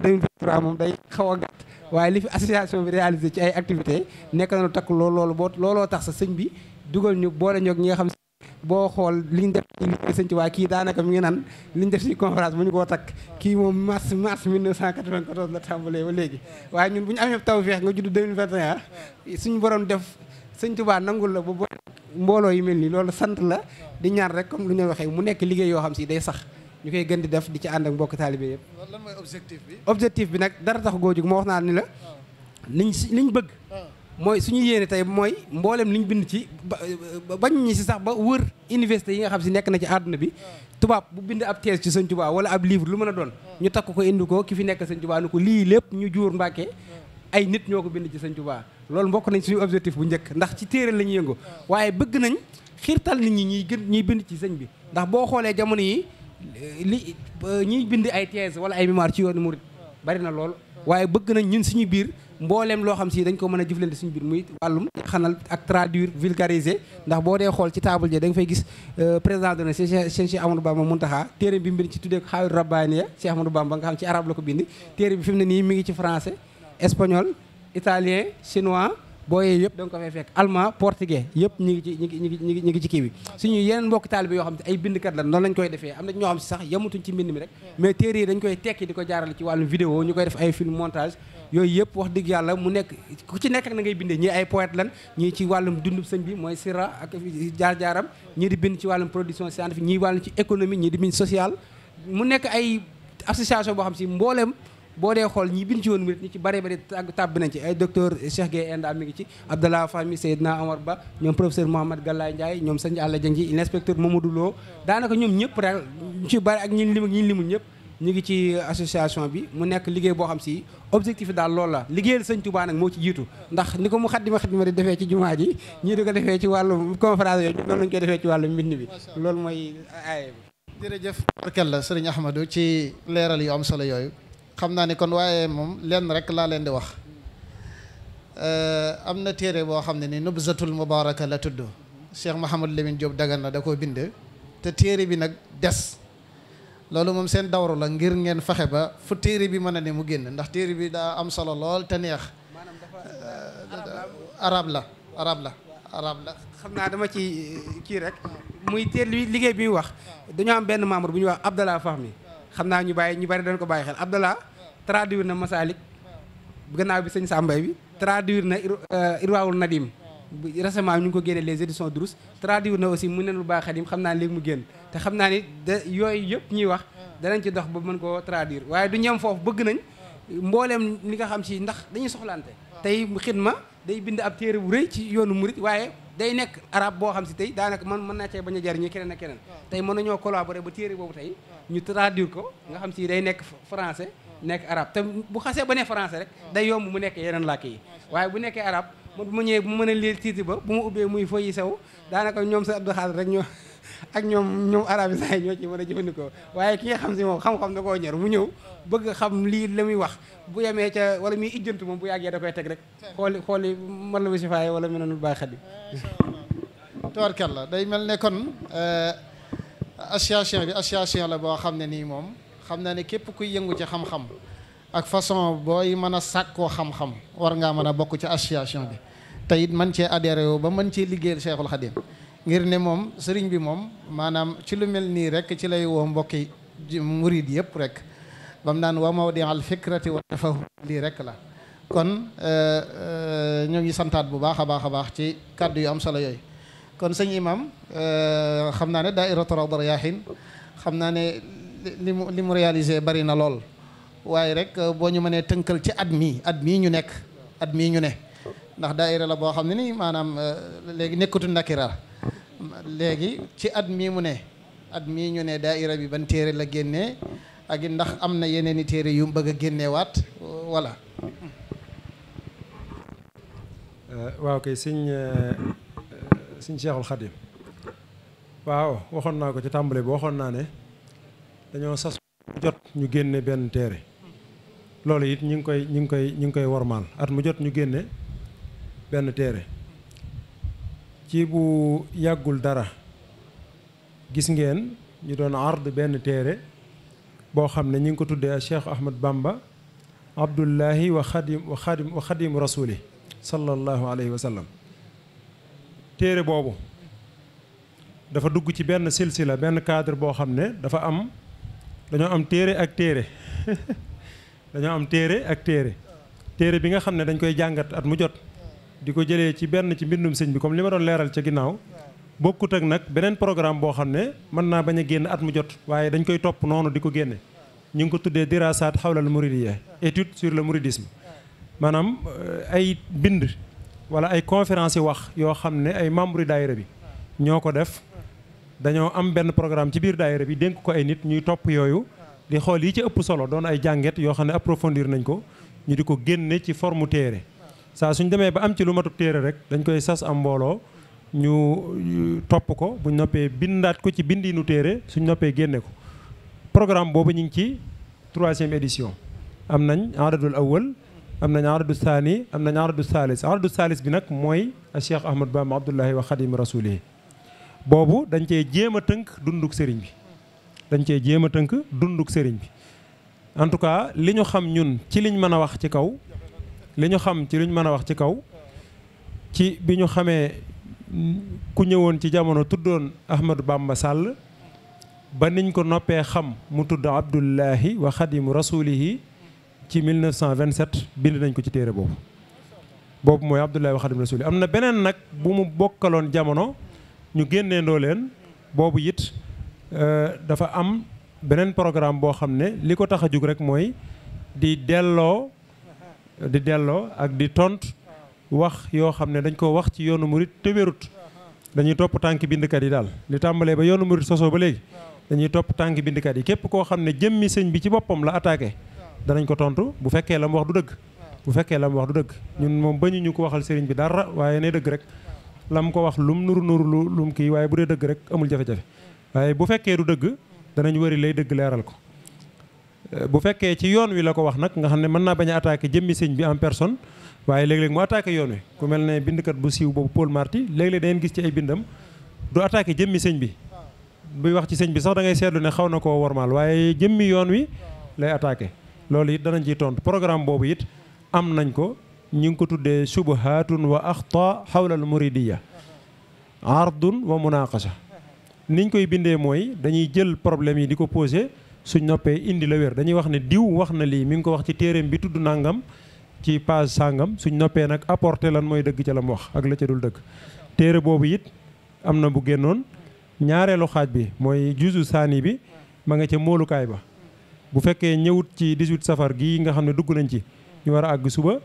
2023 moom day xaw a waaye li fi association bi réalisé ci ay activités nekk nañu takk loolu loolu boo looloo tax sa sëñ bi dugal ñu boo boole ñoog ñi nga xam boo xool li ñu ci liggéey sëñ Tuubaa kii daanaka mi ngi naan liñ def ci conférence bu ñu koo takk kii moom mars mars 1994 la tàmbalee ba léegi waaye ñun bu ñu amee tawfeex nga judd 2021 suñu borom def sëñ Tuubaa nangu la ba mbooloo yi mel nii loolu sant la di ñaar rek comme lu ñu waxee mu nekk liggéey yoo xam si day sax ñu koy gën di def di ci ànd ak mbokk taalibe yëpp. mooy objectif bi. objectif bi nag dara tax goo jóg moo wax naa ni la. Ah. liñ si liñ bëgg. Ah. mooy suñu yéene tey mooy mboolem liñ bind ci bañ ñi si sax ba wër université yi nga xam si nekk na ci àdduna bi. Ah. tubaab bu bind ab thèse ci sëñ Tuubaa wala ab livre lu mën a doon. ñu takk ko indi ko ki fi nekk sëñ Tuubaa nu ko lii lépp ñu juur Mbàkke ay nit ñoo ko bind ci sëñ Tuubaa loolu mbokk nañ suñu objectif bu njëkk ndax ci téere la ñuy yëngu. waaye bëgg nañ xiirtal nit ñi ñuy gën ñuy bind ci sëñ bi ndax boo xoolee jamono yi li ñuy bind ay thèse wala ay mémoire ci yoonu murid bari na lool waaye bëgg nañ ñun suñu biir mbooleem loo xam si dañ ko mën a jëflante suñu biir muy wàllum xanal ak traduire vulgariser ndax boo dee xool ci table ji da fay gis euh, président de na Cheikh Cheikh Amadou mun Muntaxa téere bi mu bind ci tuddee ko xaawir rabbaaniya Cheikh Amadou Bamba nga xam ci arabe la ko bind téere bi fi mu ne nii mi ngi ci français espagnol italien chinois booyee yëpp da nga ko fay fekk allemand portugais yëpp ñi ngi ci ñi ngi ñi ngi ñi ngi ci kii bi suñu yeneen mbokki taalibe yoo xam ne ay bindkat la noonu lañ koy defee am na ñoo xam si sax yamutuñ ci mbind mi rek mais téere yi dañ koy tekki di ko jaarale ci wàllu vidéo ñu koy def ay film montage yooyu yëpp wax dëgg yàlla mu nekk ku ci nekk ak na ngay bindee ñii ay poète lan ñii ci wàllum dundub sëñ bi mooy sira ak jaar-jaaram ñii di bind ci wàllum production scientifique ñii wàllum ci économie ñii di bind social mu nekk ay association boo xam si mbooleem boo dee xool ñi bind ci woon murit ñi ci bare bare tàbbi nañ ci ay docteur Cheikh Gueye Enda mi ngi ci Abdallah Fahmi Seydina Omar Ba ñoom professeur Mouhamad Gallaay Ndiaye ñoom sëñ Alla Dieng ji inspecteur Mamadou Lo daanaka ñoom ñëpp rek ci bare ak ñin lim ak ñin limul ñëpp ñu ngi ci association bi mu nekk liggéey boo xam si objectif daal lool la liggéeyal sëñ Touba nag moo ci jiitu ndax ni ko mu xaddima xaddima di defee ci jumaa ji ñii di ko defee ci wàllu conférence yooyu noonu lañu koy defee ci wàllu mbind bi loolu mooy aaye bi jërëjëf barkal la sëriñ Ahmadou ci leeral yu am solo yooyu xam naa ni kon waaye moom lenn rek laa leen di wax eh, am na téere boo xam ne ni nubzatul mubaraka la tudd Cheikh Mouhamadou Lamine Diop na da koo bind te téere bi nag des loolu moom seen dawru la ngir ngeen fexe ba fu téere bi mën na ne mu génn ndax téere bi daa am solo lool te neex eh, eh, arab la arab la arab la xam naa dama ci kii rek muy téere liggéey bi muy wax dañoo am benn membre bu ñuy wax Abdallah Fahmi xam naa ñu bàyyi ñu bari dañ ko bàyyi xel Abdallah traduire na Masalik gannaaw bi sëñ mbay bi traduire na euh, Irwaawul Nadim récemment ñu ngi ko génne les éditions Durus traduire na aussi mu ne lu baax xadim xam naa léegi mu génn te xam naa ni da yooyu yëpp ñuy wax danañ ci dox ba mën koo traduire waaye du ñem foofu bëgg nañ mbooleem li nga xam si ndax dañuy soxlante tey xidma day bind ab téere bu rëy ci yoonu murit waaye day nekk arab boo xam si tey daanaka man mën naa cee bañ a jariñu keneen a keneen tey mën nañoo collaborer ba téere boobu tey ñu traduire ko nga xam si day nekk français nekk arab te bu xasee ba ne france rek day yomb mu nekk yeneen làkk yi waaye bu nekkee arab man bu ma ñëwee bu mën a lire titre ba bu ma ubbee muy fo yi sew daanaka ñoom sa Abdou Khadre rek ñoo ak ñoom ñoom arabisant yi ñoo ci mën a jëfandikoo waaye ki nga xam si moom xam-xam da koo ñor mu ñëw bëgg xam lii la muy wax bu yemee ca wala muy ijjantu moom bu yàggee da koy teg rek xooli xooli mën la bu si faaye wala meneenul baax xadi tabarkalla day mel ne kon euh, association bi association la boo xam ne nii moom xam naa ne képp kuy yëngu ci xam-xam ak façon booy mën a sàkkoo xam-xam war ngaa mën a bokk ci association bi te it man cee adhéré ba mën cee liggéeyal Cheikhul Khadim ngir ne moom sëriñ bi moom maanaam ci lu mel nii rek ci lay woo mbokki murid yëpp rek bam naan wa mawdi al fikrati wa tafahum lii rek la kon euh, euh, ñoo ngi santaat bu baax a baax a baax ci kàddu yu am solo yooyu kon sëñ imam euh, xam naa ne daairatu Rawdu Rayaahiin xam naa ne li mu li mu réalisé bari na lool waaye rek boo ñu mënee tënkal ci at mii at mii ñu nekk at mii ñu ne ndax daaira la boo xam ne nii maanaam léegi nekkatu nakira léegi ci at mii mu ne at mii ñu ne daaira bi ban téere la génnee ak ndax am na yeneen i téere yu mu bëgg a génneewaat voilà. Euh, waaw kay sëñ euh, euh, sëñ Cheikhul waaw waxoon naa ko ci tàmbali bi waxoon naa ne dañoo sas jot ñu génne benn téere loolu it ñu ngi koy ñu ngi koy ñu ngi koy wormaal at mu jot ñu génne benn téere ci bu yàggul dara gis ngeen ñu doon ard benn téere boo xam ne ñu ngi ko tuddee Cheikh Ahmad bàmba Abdullahi wa xadim wa xadim wa xadim téere boobu dafa dugg ci benn silsila benn cadre boo xam ne dafa am dañoo am téere ak téere dañoo am téere ak téere téere bi nga xam ne dañ koy jàngat at mu jot di ko jëlee ci benn ci mbindum sëñ bi comme li ma doon leeral ca ginnaaw bokkut ak nag beneen programme boo xam ne mën naa bañ a génn at mu jot waaye dañ koy topp noonu di ko génne ñu ngi ko tuddee dirasaat xawlal mouridiyya étude sur le mouridisme maanaam euh, ay bind wala ay conférence yi wax yoo xam ne ay membre daayira bi ñoo ko def dañoo am benn programme ci biir daayira bi dénk ko ay nit ñuy topp yooyu di xool yi ci ëpp solo doon ay jànget yoo xam ne approfondir nañ ko ñu di ko génne ci formu téere saa suñ demee ba am ci lu matub téere rek dañ koy sas am mbooloo ñu topp ko buñ noppee bindaat ko ci bindiinu téere suñ noppee génne ko programme boobu ñu ngi ci troisième édition am nañ aradul awal am nañ aradu saani am nañ aradu thalis aradu thalis bi nag mooy a Cheikh Ahmad Bamba Abdullahi wa Xadim Rasulihi boobu dañ cee jéem a tënk dunduk sëriñ bi dañ cee jéem a tënk dunduk sëriñ bi en tout cas li ñu xam ñun ci liñ mën a wax ci kaw li ñu xam ci li ñu mën a wax ci kaw ci bi ñu xamee ku ñëwoon ci jamono tuddoon Ahmadou Bamba sàll ba niñ ko noppee xam mu tudd Abdullahi wa xadimu rasulihi ci 1927 bind nañ ko ci téere boobu boobu mooy Abdullahi wa xadimu rasulihi am na beneen nag bu mu bokkaloon jamono ñu génnee ndoo leen boobu it euh, dafa am beneen programme boo xam ne li ko tax a jug rek mooy di delloo di delloo ak di tontu wax yoo xam ne dañ koo wax ci yoonu murit te wérut dañuy topp tànk bindkat yi daal li tàmbalee ba yoonu murit sosoo ba léegi dañuy topp tànk bindkat yi képp koo xam ne jëmmi sëñ bi ci boppam la attaqué danañ ko tontu bu fekkee la mu wax du dëgg bu fekkee la mu wax du dëgg ñun moom bañu ñu ko waxal sëriñ bi dara waaye ne dëgg rek la mu ko wax lum nuru nuru lu lum kii waaye bu dee dëgg rek amul jafe-jafe waaye bu fekkee du dëgg danañu wari lay dëgg leeral ko Euh, bu fekkee ci yoon wi la ko wax nag nga xam ne mën naa bañ a attaqué jëmmi sëñ bi en personne waaye léeg-léeg mu attaqué yoon wi ku mel ne bindkat bu siiw boobu Paul Marty léeg-léeg da ngeen gis ci ay bindam du attaqué jëmmi sëñ bi buy wax ci sëñ bi sax da ngay seetlu ne xaw na koo wormaal waaye jëmmi yoon wi lay attaqué loolu it danañ ciy tontu programme boobu it am nañ ko ñu ngi ko tuddee suba subuhaatun wa axta xawlal muridiya ardun wa munaqasha niñ koy bindee mooy dañuy jël problème yi di ko posé suñ noppee indi la wér dañuy wax ne diw wax na lii mi ngi ko wax ci téeréem bi tudd nangam ci page sangam suñ noppee nag apporter lan mooy dëgg ca la mu wax ak la ca dul dëgg téere boobu it am na bu génnoon ñaareelu xaaj bi mooy juzu saani bi ma nga ca moolukaay ba bu fekkee ñëwut ci 18 safar gi nga xam ne dugg nañ ci ñu war a àgg suba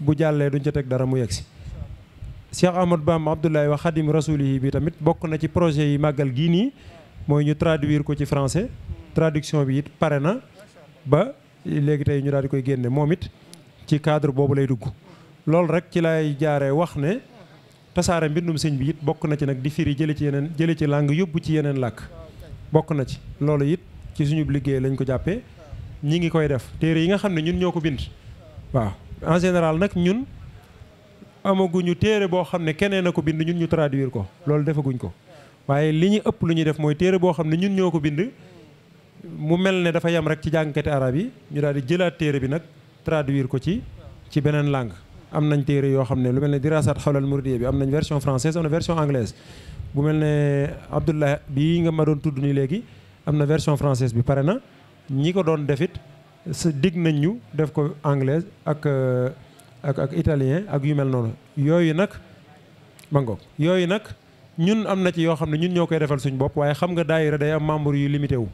bu jàllee duñ ca teg dara mu yegsi Cheikh Ahmad Bamba wax wa Xadim Rasulihi bi tamit bokk na ci projet yi màggal gii nii mooy ñu traduire ko ci français traduction bi it pare na ba léegi tey ñu daal di koy génne moom it ci cadre boobu lay dugg loolu rek ci lay jaare wax ne tasaare mbindum sëñ bi it bokk na ci nag di firi jële ci yeneen jële ci làng yóbbu ci yeneen làkk bokk na ci loolu it ci suñu liggéey lañ ko jàppee ñi ngi koy def téere yi nga xam ne ñun ñoo ko bind waaw en général nag ñun amaguñu téere boo xam ne keneen a ko bind ñun ñu traduire ko loolu defaguñ ko waaye li ñu ëpp lu ñuy def mooy téere boo xam ne ñun ñoo ko bind mu mel ne dafa yam rek ci jàngkati arab yi ñu daal di jëlaat téere bi nag traduire ko ci ci beneen langue am nañ téere yoo xam ne lu mel ne dirasat xawlal muridiya bi am nañ version française am na version anglaise bu mel ne Abdullah bii nga ma doon tudd léegi am na version française bi pare na ñi ko doon def it sa digg nañ ñu def ko anglaise ak ak ak italien ak yu mel noonu yooyu nag mangoog yooyu nag ñun am na ci yoo xam ne ñun ñoo koy defal suñ bopp waaye xam nga daayira day am membre yu limité wu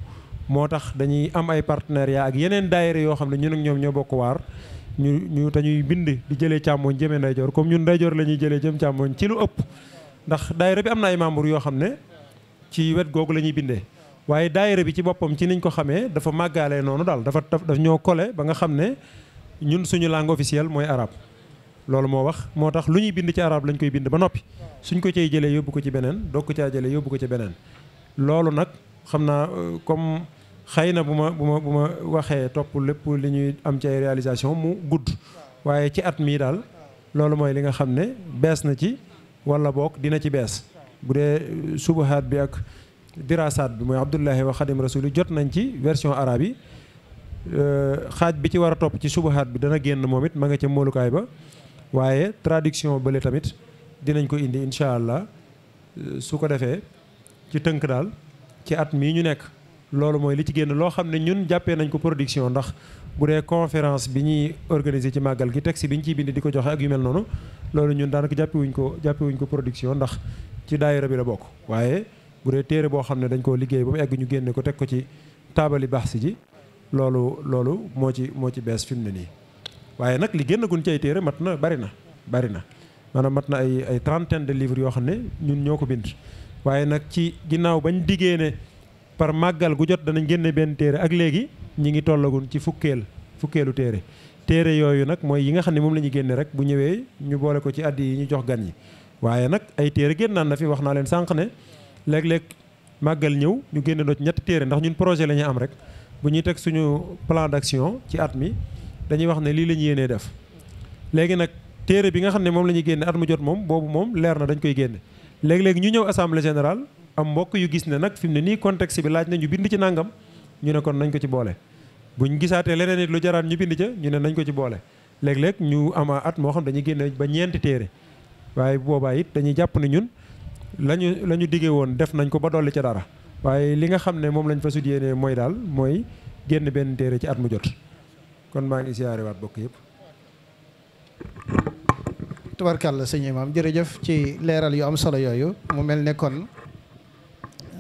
moo tax dañuy am ay partenariat ak yeneen daayira yoo xam ne ñun ak ñoom ñoo bokk waar ñu ñu dañuy bind di jëlee càmmoñ jëmee ndeyjoor comme ñun ndayjoor la ñuy jëlee jëm càmmoñ ci lu ëpp ndax daayira bi am na ay membres yoo xam ne ci wet googu la ñuy bindee waaye daayira bi ci boppam ci niñ ko xamee dafa màggaalee noonu daal dafa daf ñoo kole ba nga xam ne ñun suñu langue officielle mooy arabe loolu moo wax moo tax lu ñuy bind ci arabe lañ koy bind ba noppi suñ ko cay jëlee yóbbu ko ci beneen doog ko caa jëlee yóbbu ko ci beneen loolu nag xëy na bu ma bu ma bu ma waxee topp lépp li ñuy am ci ay réalisation mu gudd waaye ci at mii daal loolu mooy li nga xam ne bees na ci wala boog dina ci bees bu dee euh, subahaat bi ak diraasaat bi mooy Abdullahi wa Xadim Rasuli jot nañ ci version arabe yi euh, xaaj bi ci war a topp ci subahaat bi dana génn moom it ma nga ca moolukaay ba waaye traduction bële tamit dinañ ko indi incha allah euh, su ko defee ci tënk daal ci at mii ñu nekk loolu mooy li ci génn loo xam ne ñun jàppee nañ ko production ndax bu dee conférence bi ñuy organiser ci màggal gi texte bi ñu ciy bind di ko joxe ak yu mel noonu loolu ñun daanaka jàppewuñ ko jàppewuñ ko production ndax ci daayira bi la bokk waaye bu dee téere boo xam ne dañ koo liggéey ba mu egg ñu génne ko teg ko ci taabali baax si ji loolu loolu moo ci moo ci bees fi mu ne nii waaye nag li génn gun ci téere mat na bari na bari na maanaam mat na ay ay trentaine de livres yoo xam ne ñun ñoo ko bind waaye nag ci ginnaaw bañ diggee par màggal gu jot danañ génne benn téere ak léegi ñi ngi tollagun ci fukkeel fukkeelu téere téere yooyu nag mooy yi nga xam ne moom la ñuy génne rek bu ñëwee ñu boole ko ci addi yi ñu jox gan yi waaye nag ay téere génn naan na fi wax naa leen sànq ne léeg-léeg màggal ñëw ñu génne doo ci ñetti téere ndax ñun projet la ñuy am rek bu ñuy teg suñu plan action ci at mi dañuy wax ne lii lañu ñu yéenee def léegi nag téere bi nga xam ne moom la ñuy génne at mu jot moom boobu moom leer na dañ koy génne léeg ñu ñëw assemblée générale am mbokk yu gis ne nag fi mu ne nii contexte bi laaj na ñu bind ci nangam ñu ne kon nañ ko ci boole buñ gisaatee leneen nit lu jaraan ñu bind ca ñu ne nañ ko ci boole léeg-léeg ñu amaa at moo xam dañuy génne ba ñeenti téere waaye boobaa it dañuy jàpp ne ñun lañu lañu ñu woon def nañ ko ba dolli ca dara waaye li nga xam ne moom lañ fa sud yéenee mooy daal mooy génn benn téere ci at mu jot kon maa ngi siyaare waat bokk yëpp tubarkàlla sëñ imaam jërëjëf ci leeral yu am solo yooyu mu mel ne kon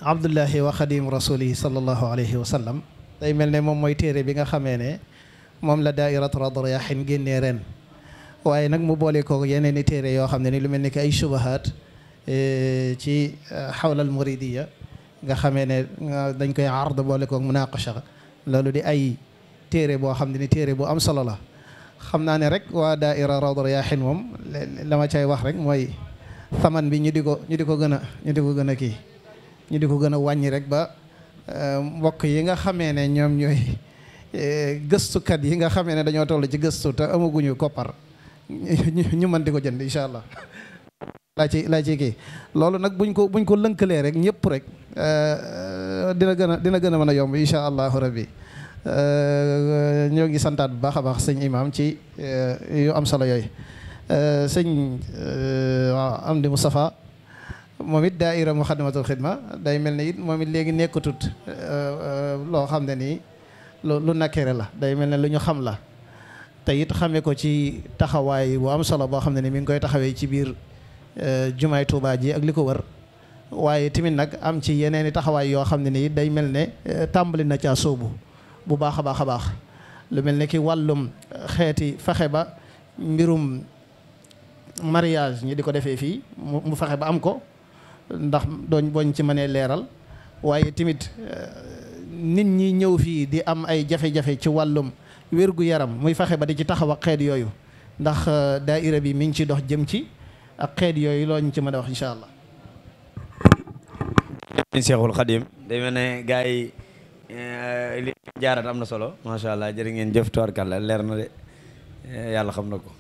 abdullahi wa xadim rasulihi sallallahu alayhi wa sallam day mel ne moom mooy téere bi nga xamee ne moom la daairatu radrayahin génnee ren waaye nag mu boole ko yeneen i téere yoo xam ne ni lu mel ni ki ay subahaat e, ci xawlal e, muridiya nga xamee ne koy ard boole ko munaqasha loolu di ay téere boo xam ne ni téere boo am solo la xam naa ne rek waa daaira radrayahin moom la ma cay wax rek mooy saman bi ñu di ko ñu di ko gën a ñu di ko gën a kii ñu di ko gën a wàññi rek ba euh, mbokk yi nga xamee ne ñoom ñooy euh, gëstukat yi nga xamee ne dañoo toll ci gëstu te amaguñu koppar ñu mën di ko jënd incha allah. laa ci laa ci kii loolu nag buñ ko buñ ko lënkalee rek ñëpp rek euh, dina gën a dina gën a mën a yomb incha allahu rabbi ñoo ngi santaat bu baax a baax sëñ imaam ci yu am solo yooyu sëñ Amdi Moustapha moom it daaira Muxaddamatul Xidma day mel ne it moom it léegi nekkatut euh, euh, loo xam ne nii lu lu nakere la day mel ne lu ñu xam la te it xamee ko ci taxawaay bu am solo boo xam ne ni mi ngi koy taxawee ci biir euh, jumaay Tuubaa ji ak li ko wër waaye tamit nag am ci yeneen i taxawaay yoo xam ne nii day mel ne tàmbali na caa sóobu bu baax a baax a baax lu mel ne ki wàllum xeeti faxe ba mbirum mariage ñi di ko defee fii mu fexe ba am ko ndax dooñ boñ ci mënee leeral waaye tamit eh, nit ñi ñëw fii di am ay jafe-jafe ci wàllum wér-gu-yaram muy faxe ba di ci taxaw ak xeet yooyu ndax eh, daaira bi mi ngi ci dox jëm ci ak xeet yooyu looñ ci mën a wax incha allah. day mel ne gars yi eh, li jaarat am na solo macha allah jërë ngeen jëf tubarkàlla leer na de yàlla xam na ko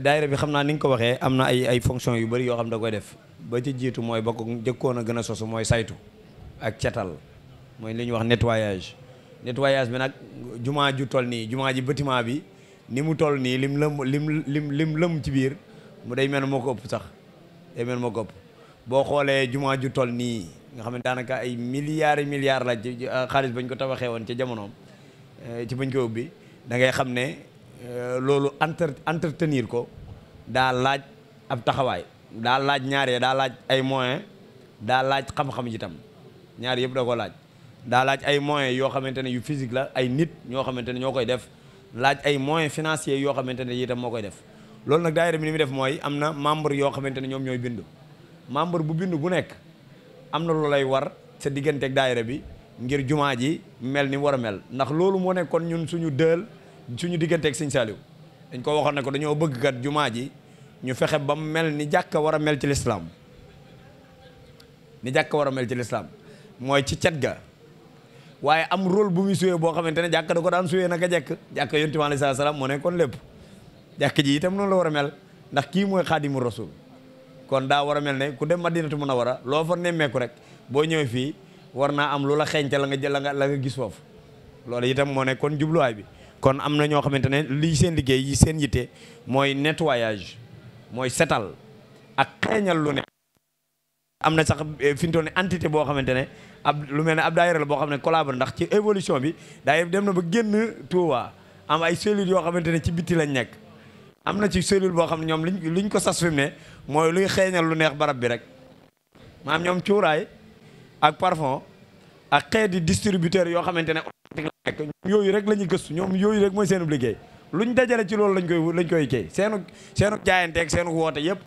daayira bi xam naa ni nga ko waxee am na ay ay fonction yu bari yoo xam da koy def ba ci jiitu mooy ba ko njëkkoon a gën a sosu mooy saytu ak cetal mooy li ñuy wax nettoyage nettoyage bi nag jumaa ju toll nii jumaa ji bâtiment bi ni mu toll nii li mu lëm lim lim lim lëm ci biir mu day mel moo ko ëpp sax day mel moo ko ëpp boo xoolee jumaa ju tol nii nga xam ne daanaka ay milliards et milliards la ci ah, xaalis bañ ko tabaxee woon ca jamonoom eh, ci bañ ko ubbi da ngay xam ne eh, loolu entre entretenir ko daa laaj ab taxawaay daa laaj ñaar ya daa laaj ay moyen daa laaj xam-xam itam ñaari yëpp da ko laaj daa laaj ay moyens yoo xamante ne yu physique la ay nit ñoo xamante ne ñoo koy def laaj ay moyens financiers yoo xamante ne itam moo koy def loolu nag daayira bi ni muy def mooy am na membre yoo xamante ne ñoom ñooy bindu membre bu bindu bu nekk am na lu lay war sa digganteeg daayira bi ngir jumaa ji mel ni war a mel ndax loolu moo nekkoon ñun suñu dël suñu digganteeg Sëñ Saaliw dañ ko waxoon ne ko dañoo bëgg kat jumaa ji ñu fexe ba mu mel ni jàkka war a mel ci lislaam ni jàkka war a mel ci lislaam mooy ci cet ga waaye am role bu muy suyee boo xamante ne jàkka da ko daan suyee naka jekk jàkka yonent bi alayhi salaam moo nekkoon lépp jàkka ji itam noonu la war a mel ndax kii mooy xaadimu rasul kon daa war a mel ne ku dem madinatu munawwara loo fa nemmeeku rek boo ñëwee fii war naa am lu la la nga jël la la nga gis foofu loolu itam moo nekkoon jubluwaay bi kon am na ñoo xamante ne lii seen liggéey yi seen yitte mooy nettoyage mooy setal ak xeeñal lu ne am na sax eh, fi ñu toll ne entité boo xamante ne ab lu mel ne ab daayira la boo xam ne collabore ndax ci évolution bi daayira dem na ba génn Touba am ay cellules yoo xamante ne ci bitti lañ nekk am na ci cellule boo xam ne ñoom liñ liñ ko sas fi ne mooy luy xeeñal lu neex barab bi rek maam ñoom cuuraay ak parfon ak xeeti distributeur yoo xamante ne automatiquement yooyu rek la ñuy gëstu ñoom yooyu rek mooy seen liggéey luñ dajale ci loolu lañ koy lañ koy kii seenu seenu jaayanteeg seenu woote yëpp